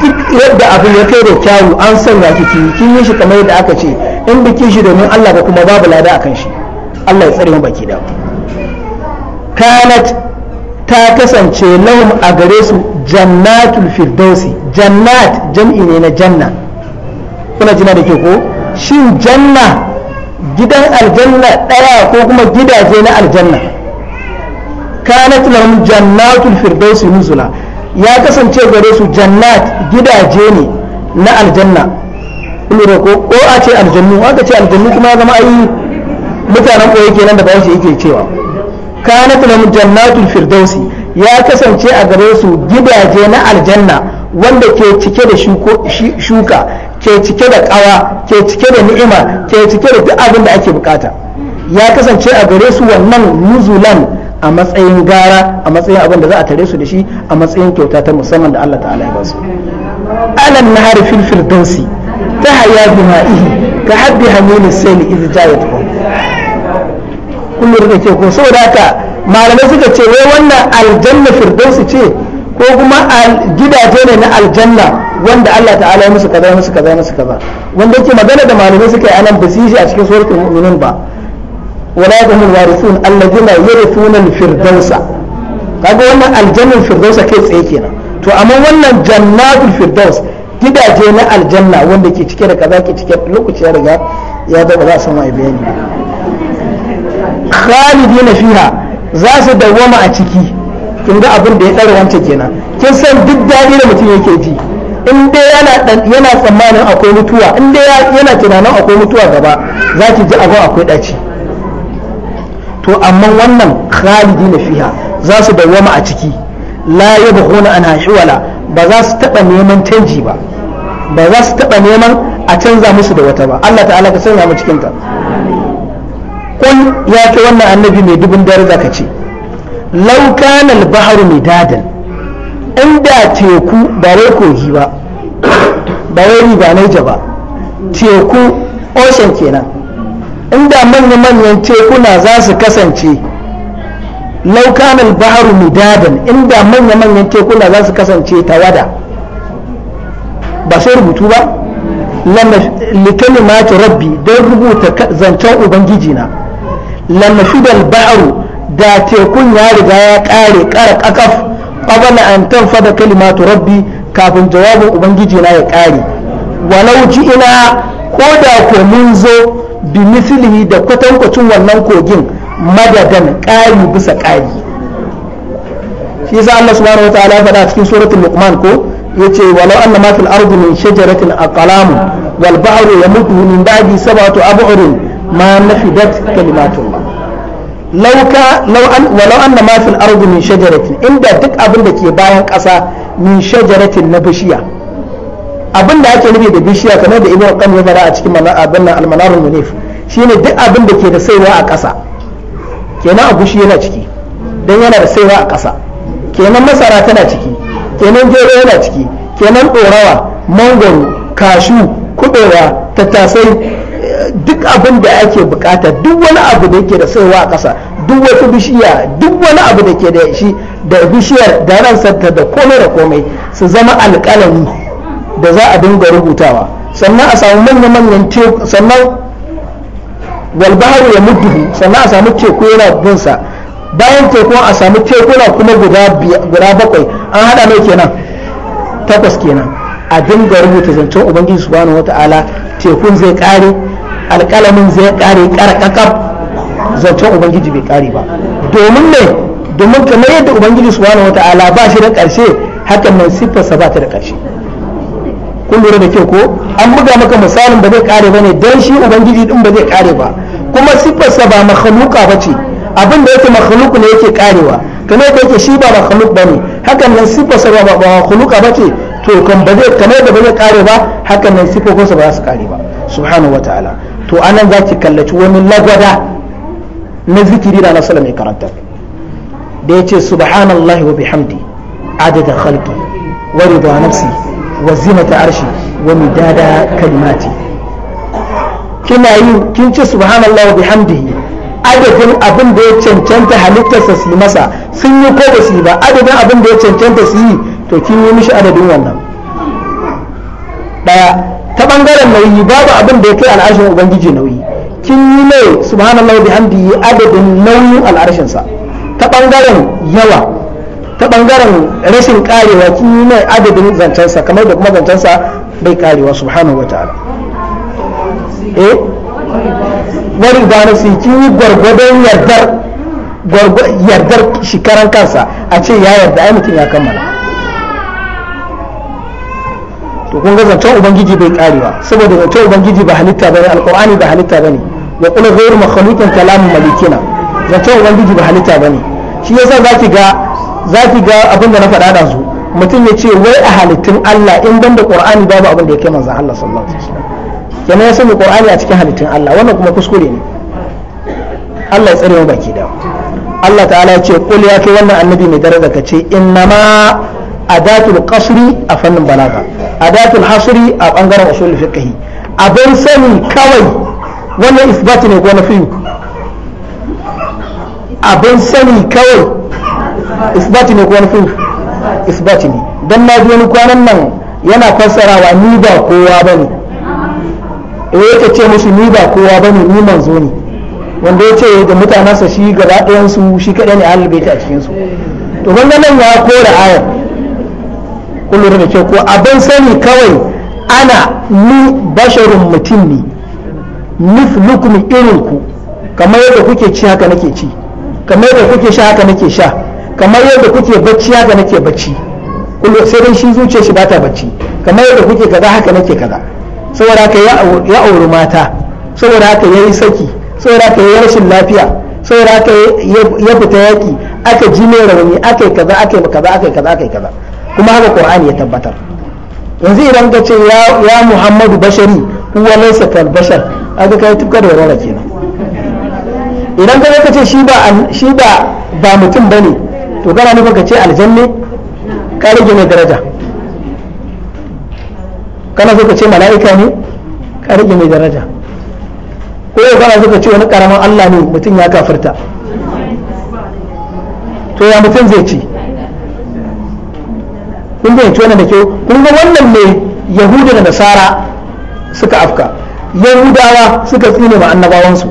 duk yadda abin ya kai da kyawu an sanya ki ki kin yi shi kamar yadda aka ce in biki shi domin Allah ba kuma babu lada akan shi Allah ya tsare mu baki da kanat ta kasance lahum a gare su jannatul firdausi jannat jam'i ne na janna kuna jina da ke ko shin janna gidan aljanna ɗaya ko kuma gidaje na aljanna kanat lahum jannatul firdausi nuzula ya kasance gare su jannat gidaje ne na aljanna lura ko ko a ce aljannu aka ce aljannu kuma ya zama ai mutanen koyi kenan da ba shi yake cewa kanat lahum jannatul firdausi ya kasance a gare su gidaje na aljanna wanda ke cike da shuka ke cike da kawa ke cike da ni'ima ke cike da duk abin da ake bukata ya kasance a gare su wannan nuzulan a matsayin gara a matsayin abin da za a tare su da shi a matsayin kyauta ta musamman da Allah ta'ala ya ba su alan nahar fil firdausi ta haya bima'ihi ka habbi hamilin sayli idh jayat kullu da ke ko saboda haka malamai suka ce wai wannan aljanna firdausi ce ko kuma gidaje ne na aljanna wanda Allah ta'ala ya musu kaza musu kaza musu kaza wanda yake magana da malamai suka yi anan ba su a cikin suratul mu'minun ba wala yadhumul warithun alladhina yarithuna al-firdausa kaga wannan aljannatul firdausa kai tsaye kenan to amma wannan jannatul firdaus gidaje na aljanna wanda ke cike da kaza ke cike lokaci ya riga ya da za su mai bayani khalidina fiha za su dawwama a ciki kin ga abin da ya tsara wancan kenan kin san duk dadi da mutum yake ji in dai yana yana tsammanin akwai mutuwa in dai yana tunanin akwai mutuwa gaba za ki ji abin akwai ɗaci to amma wannan khalidi na fiha za su dawwama a ciki la yabghuna an hiwala ba za su taɓa neman canji ba ba za su taɓa neman a canza musu da wata ba Allah ta'ala ka sanya mu cikin ta kun ya ce wannan annabi mai dubin daraja ka ce laukan albahar midadan inda teku ba rai kogi ba ba rai riba naija ba teku ocean kenan inda manya-manyan tekuna za su kasance laukan albahar midadan inda manya-manyan tekuna za su kasance tawada ba sai rubutu ba mata rabbi don rubuta zancen ubangiji na lamashidal ba'aru da tekun ya riga ya ƙare ƙara kakaf ƙabala an tanfa da kalimatu rabbi kafin jawabin ubangiji na ya ƙare walau ji ina ko da ko mun zo bi mislihi da kwatankwacin wannan kogin madadan ƙari bisa ƙari shi yasa Allah subhanahu wa ta'ala faɗa cikin suratul luqman ko yace walau anna ma fil ardi min shajaratin aqlam wal ba'ru yamutu min ba'di sab'atu ab'urin ma nafidat kalimatullah lauka lau'an walau anna ma fil ardi min shajaratin inda duk abin da ke bayan ƙasa min shajaratin na bishiya abin da ake nufi da bishiya kamar da ibnu kan ya fara a cikin abin nan shine duk abin da ke da saiwa a kasa. kenan agushi yana ciki don yana da saiwa a ƙasa kenan masara tana ciki kenan gero yana ciki kenan ɗorawa mangoro kashu kuɗowa, tattasai duk abin da ake bukata duk wani abu da ke da saiwa a ƙasa duk wata bishiya duk wani abu da ke da shi da bishiyar da ransarta da komai da komai su zama alƙalami da za a dinga rubutawa sannan a samu manya manyan teku sannan walbaharu ya mudduhu sannan a samu teku yana binsa bayan tekun a samu tekuna kuma guda bakwai an hada mai kenan takwas kenan a dinga rubuta zancen ubangiji subhanahu wata'ala tekun zai kare alƙalamin zai ƙare ƙara ƙaƙaf zancen ubangiji bai ƙare ba domin ne domin kamar yadda ubangiji subhanahu wani ba shi da ƙarshe hakan nan siffarsa ba ta da ƙarshe kun lura da kyau ko an buga maka misalin ba zai ƙare ba ne don shi ubangiji din ba zai ƙare ba kuma siffarsa ba makhluka ba ce abin da yake makhluku ne yake ƙarewa kamar yadda yake shi ba makhluk ba ne hakan nan siffarsa ba makhluka ba ce to kan ba zai kamar da ba zai ƙare ba hakan nan siffofinsa ba za su ƙare ba subhanahu wa ta'ala to anan za ki kallaci wani lagwada na zikiri da nasala mai karanta da ya ce subhanallahi wa bihamdi adada khalqi wa rida nafsi wa zinata arshi wa midada kalimati kina yi kin ce subhanallahi wa bihamdi adadin abin da ya cancanta halittarsa su yi masa sun yi ko ba su yi ba adadin abin da ya cancanta su yi to kin yi mishi adadin wannan daya ta bangaren nauyi babu abin da ya kai al'arshin ubangiji nauyi kin yi ne subhanallah bihamdihi adadin nauyin al'arshin sa ta bangaren yawa ta bangaren rashin karewa kin yi ne adadin zancen sa kamar da kuma zancen sa bai karewa subhanahu wataala eh wani gane su kin yi gwargwadon yardar yardar shi karan kansa a ce ya yarda ai mutum ya kammala to kun ga zancen ubangiji bai karewa saboda zancen ubangiji ba halitta bane alqur'ani ba halitta bane wa qul ghayru makhluqin kalamun malikina zancen ubangiji ba halitta bane shi yasa zaki ga zaki ga abin da na faɗa da su mutum ya ce wai a halittun Allah in ban da qur'ani babu abin da ya kai manzon Allah sallallahu alaihi wasallam kenan ya sanya qur'ani a cikin halittun Allah wannan kuma kuskure ne Allah ya tsare mu baki da Allah ta'ala ya ce qul ya kai wannan annabi mai daraja ka ce innama adatul qasri a fannin balaga A adatul hasuri a bangaren usul fiqh abin sani kawai wannan isbati ne ko na fiyu abin sani kawai isbati ne ko na fiyu isbati ne Don na biyu wani kwanan nan yana fassarawa ni ba kowa ba ne. E, yake ce musu ni ba kowa ba ne, ni manzo ne wanda ya ce da mutanensa shi gaba ɗayansu shi kaɗai ne a bait a cikinsu to wannan nan ya kora ayar kullum da ke ko abin sani kawai ana ni basharin mutum ne mithlukum irinku kamar yadda kuke ci haka nake ci kamar yadda kuke sha haka nake sha kamar yadda kuke bacci haka nake bacci kullum sai dai shi zuciya shi bata bacci kamar yadda kuke kaza haka nake kaza saboda haka ya auri mata saboda haka ya yi saki saboda haka ya yi rashin lafiya saboda haka ya fita yaki aka ji mai rauni aka yi kaza aka yi kaza aka yi kaza aka yi kaza kuma haka qur'ani ya tabbatar yanzu idan ka ce ya muhammadu bashari huwa laysa kal bashar aka kai tukar da rara kenan idan ka ka ce shi ba shi ba ba mutum bane to kana nufin ka ce aljanne ka rage mai daraja kana so ka ce mala'ika ne ka rage mai daraja ko yau kana so ka ce wani karamin Allah ne mutum ya kafirta to ya mutum zai ce kun bayyanci wannan da kyau kun ga wannan ne yahuda da nasara suka afka yahudawa suka tsine ma annabawansu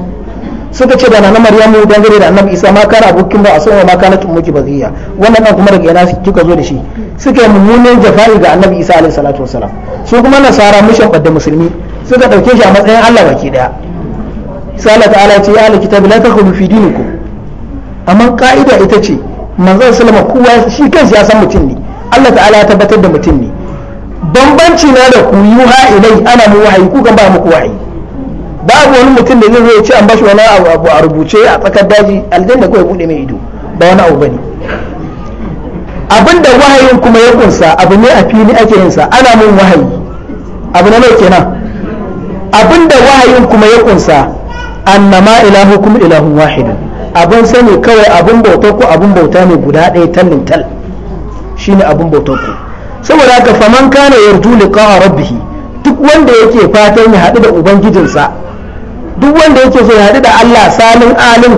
suka ce da na maryamu dangane da annabi isa ma na abokin ba a soma ma na tumuki baziya wannan dan kuma daga ina kika zo da shi suka yi mummunan jafari ga annabi isa alaihi salatu wasalam su kuma nasara mushan badda musulmi suka dauke shi a matsayin Allah baki daya sai Allah ta'ala ce ya ala kitabi la takhulu fi dinikum amma ka'ida ita ce manzon sallama kowa shi kansu ya san mutum ne Allah ta'ala ya tabbatar da mutum ne bambanci na da ku yuha ilai ana mu wahayi ku kan ba muku wahayi babu wani mutum da zai zo ya ce an bashi wani abu abu a rubuce a tsakar daji aljanna kawai bude mai ido ba wani abu bane abinda wahayin kuma ya kunsa abu ne a fili ake yin sa ana mun wahayi abu na mai kenan abinda wahayin kuma ya kunsa annama ilahukum ilahun wahidun abin sani kawai abin bauta ko abin bauta ne guda ɗaya tallin tal shine abin bautar ku saboda haka faman kana yarju liqa'a rabbihi duk wanda yake fatan ya haɗu da ubangijinsa duk wanda yake so ya haɗu da Allah salin alin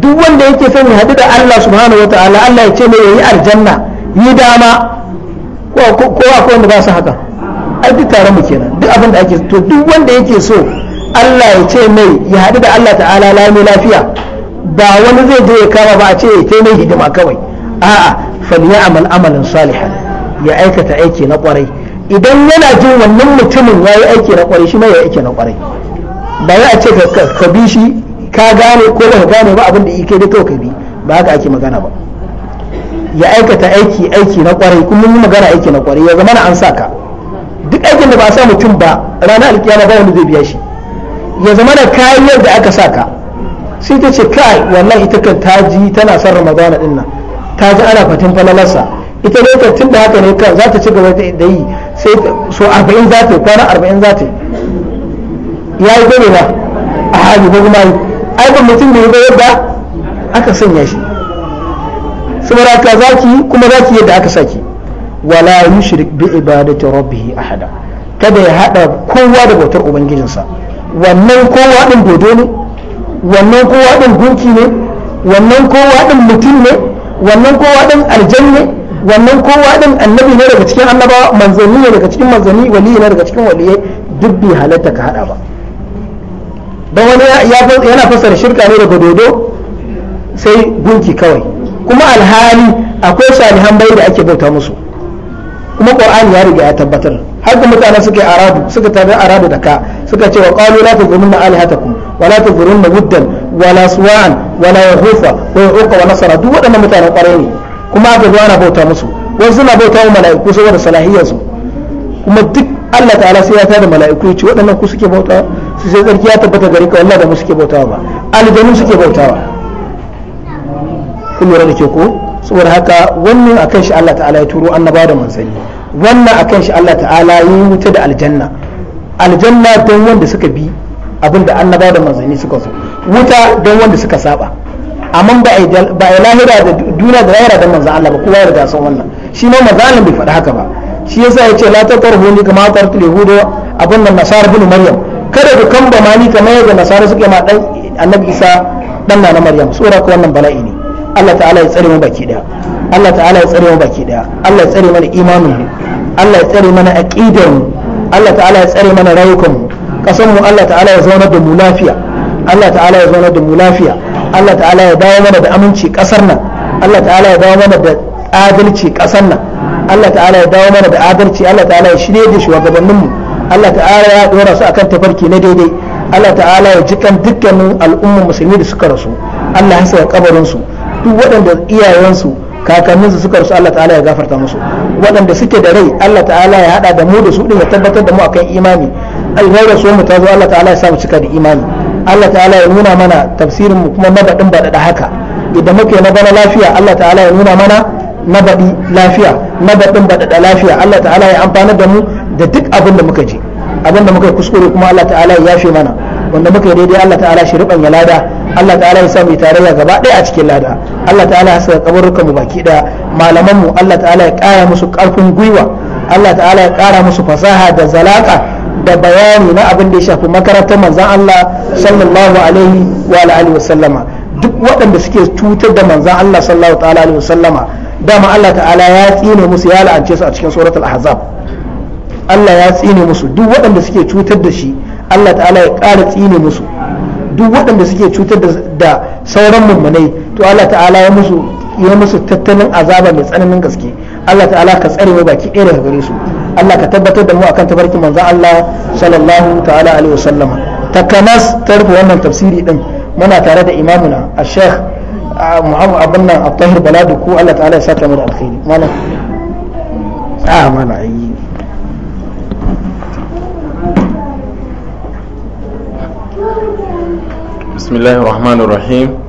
duk wanda yake son ya haɗu da Allah subhanahu wa ta'ala Allah ya ce mai yayi aljanna yi dama ko ko akwai wanda ba su haka ai duk tare mu kenan duk abin da ake to duk wanda yake so Allah ya ce mai ya haɗu da Allah ta'ala lami lafiya ba wani zai je ya kama ba a ce ya kai mai hidima kawai a'a falyamal amalan salihan ya aikata aiki na kwarai idan yana jin wannan mutumin ya yi aiki na kwarai shi ma ya aiki na kwarai ba za a ce ka bi shi ka gane ko ba gane ba abin da ike da kai ka bi ba haka ake magana ba ya aikata aiki aiki na kwarai kuma yi magana aiki na kwarai ya zama na an sa ka duk aikin da ba sa mutum ba ranar alkiyama ba wanda zai biya shi ya zama da kayan da aka sa ka sai ta ce kai wannan ita kan taji tana son ramadana din nan ta ji ana fatin falalarsa ita ne tun da haka ne ka za ta ci gaba da yi sai so arba'in za ta yi kwana arba'in za ta yi ya yi gobe ba a hali ko kuma yi aikin mutum da ya ga yadda aka sanya shi saboda ka za ki kuma za ki yadda aka sa ki wala yushrik bi ibadati a ahada kada ya hada kowa da bautar ubangijinsa wannan kowa din dodo ne wannan kowa din gunki ne wannan kowa din mutum ne wannan kowa ɗin aljanne wannan kowa ɗin annabi ne daga cikin annabawa manzanni ne daga cikin manzanni wali ne daga cikin waliyai duk bai halatta ka haɗa ba don wani yana fassara shirka ne daga dodo sai gunki kawai kuma alhali akwai salihan bai da ake bauta musu kuma qur'ani ya riga ya tabbatar har da mutane suka yi arabu suka tabi arabu da ka suka ce wa qalu la tazurunna alihatakum wa la tazurunna wuddan wala suwa'an wala yahufa wa yauka wa nasara duk waɗannan mutanen ƙwarai ne kuma aka zo ana bauta musu wasu suna bauta wa mala'iku saboda salahiyarsu kuma duk Allah ta'ala sai ya tada mala'iku ya ce waɗannan ku suke bauta su sai tsarki ya tabbata gari ka wallahi da mu suke bautawa ba aljanu suke bautawa kun lura da ke ko saboda haka wannan akan shi Allah ta'ala ya turo annaba da manzanni wannan akan shi Allah ta'ala ya yi wuta da aljanna aljanna don wanda suka bi abinda annaba da manzanni suka zo wuta don wanda suka saba amma ba a lahira da duniya da lahira da manzan Allah ba kowa ya riga san wannan shi ma manzan Allah bai faɗi haka ba shi yasa ya ce la tatarhu ni kama tartu yahuda abin nan nasara bin maryam kada ku kamba mani kamar yadda nasara suke ma dan annabi isa dan na maryam sura ko wannan bala'i ne Allah ta'ala ya tsare mu baki daya Allah ta'ala ya tsare mu baki daya Allah ya tsare mana imanin mu Allah ya tsare mana aqidar mu Allah ta'ala ya tsare mana rayukan mu kasan mu Allah ta'ala ya zauna da mu lafiya Allah ta'ala ya zauna da mu lafiya Allah ta'ala ya dawo mana da aminci kasar nan Allah ta'ala ya dawo mana da adalci kasar nan Allah ta'ala ya dawo mana da adalci Allah ta'ala ya shirye da shugabannin mu Allah ta'ala ya dora su akan tafarki na daidai Allah ta'ala ya jikan dukkanin al'ummar musulmi da suka rasu Allah ya saka kabarin su duk waɗanda iyayensu kakanninsu suka rasu Allah ta'ala ya gafarta musu waɗanda suke da rai Allah ta'ala ya haɗa da mu da su ɗin ya tabbatar da mu akan imani alhairar su mu ta zo Allah ta'ala ya samu cika da imani Allah ta'ala ya nuna mana tafsirin mu kuma mabadin badada haka idan muke na bana lafiya Allah ta'ala ya nuna mana mabadi lafiya mabadin badada lafiya Allah ta'ala ya amfanar da mu da duk abin da muka ji abin da muka kuskure kuma Allah ta'ala ya yafe mana wanda muka daidai Allah ta'ala shi riban ya lada Allah ta'ala ya sa mu tarayya gaba ɗaya a cikin lada Allah ta'ala ya saka kaburrukan mu baki ɗaya malaman mu Allah ta'ala ya ƙara musu ƙarfin gwiwa Allah ta'ala ya ƙara musu fasaha da zalaka da bayani na abin da ya shafi makarantar manzan Allah sallallahu alaihi wa alihi wa sallama duk waɗanda suke cutar da manzan Allah sallallahu ta'ala alaihi wa sallama dama Allah ta'ala ya tsine musu ya la'ance su a cikin suratul ahzab Allah ya tsine musu duk waɗanda suke cutar da shi Allah ta'ala ya ƙara tsine musu duk waɗanda suke cutar da sauran mummunai to Allah ta'ala ya musu ya musu tattalin azaba mai tsananin gaske Allah ta'ala ka tsare mu baki ɗaya daga gare su Allah ka tabbatar da mu akan tabarkin manzo Allah sallallahu ta'ala alaihi wasallam takanas tarbu wannan tafsiri din muna tare da imamuna al-sheikh Muhammad abin nan al-tahir baladu ku Allah ta'ala ya saka mu da alkhairi mana a mana ayi بسم الله الرحمن الرحيم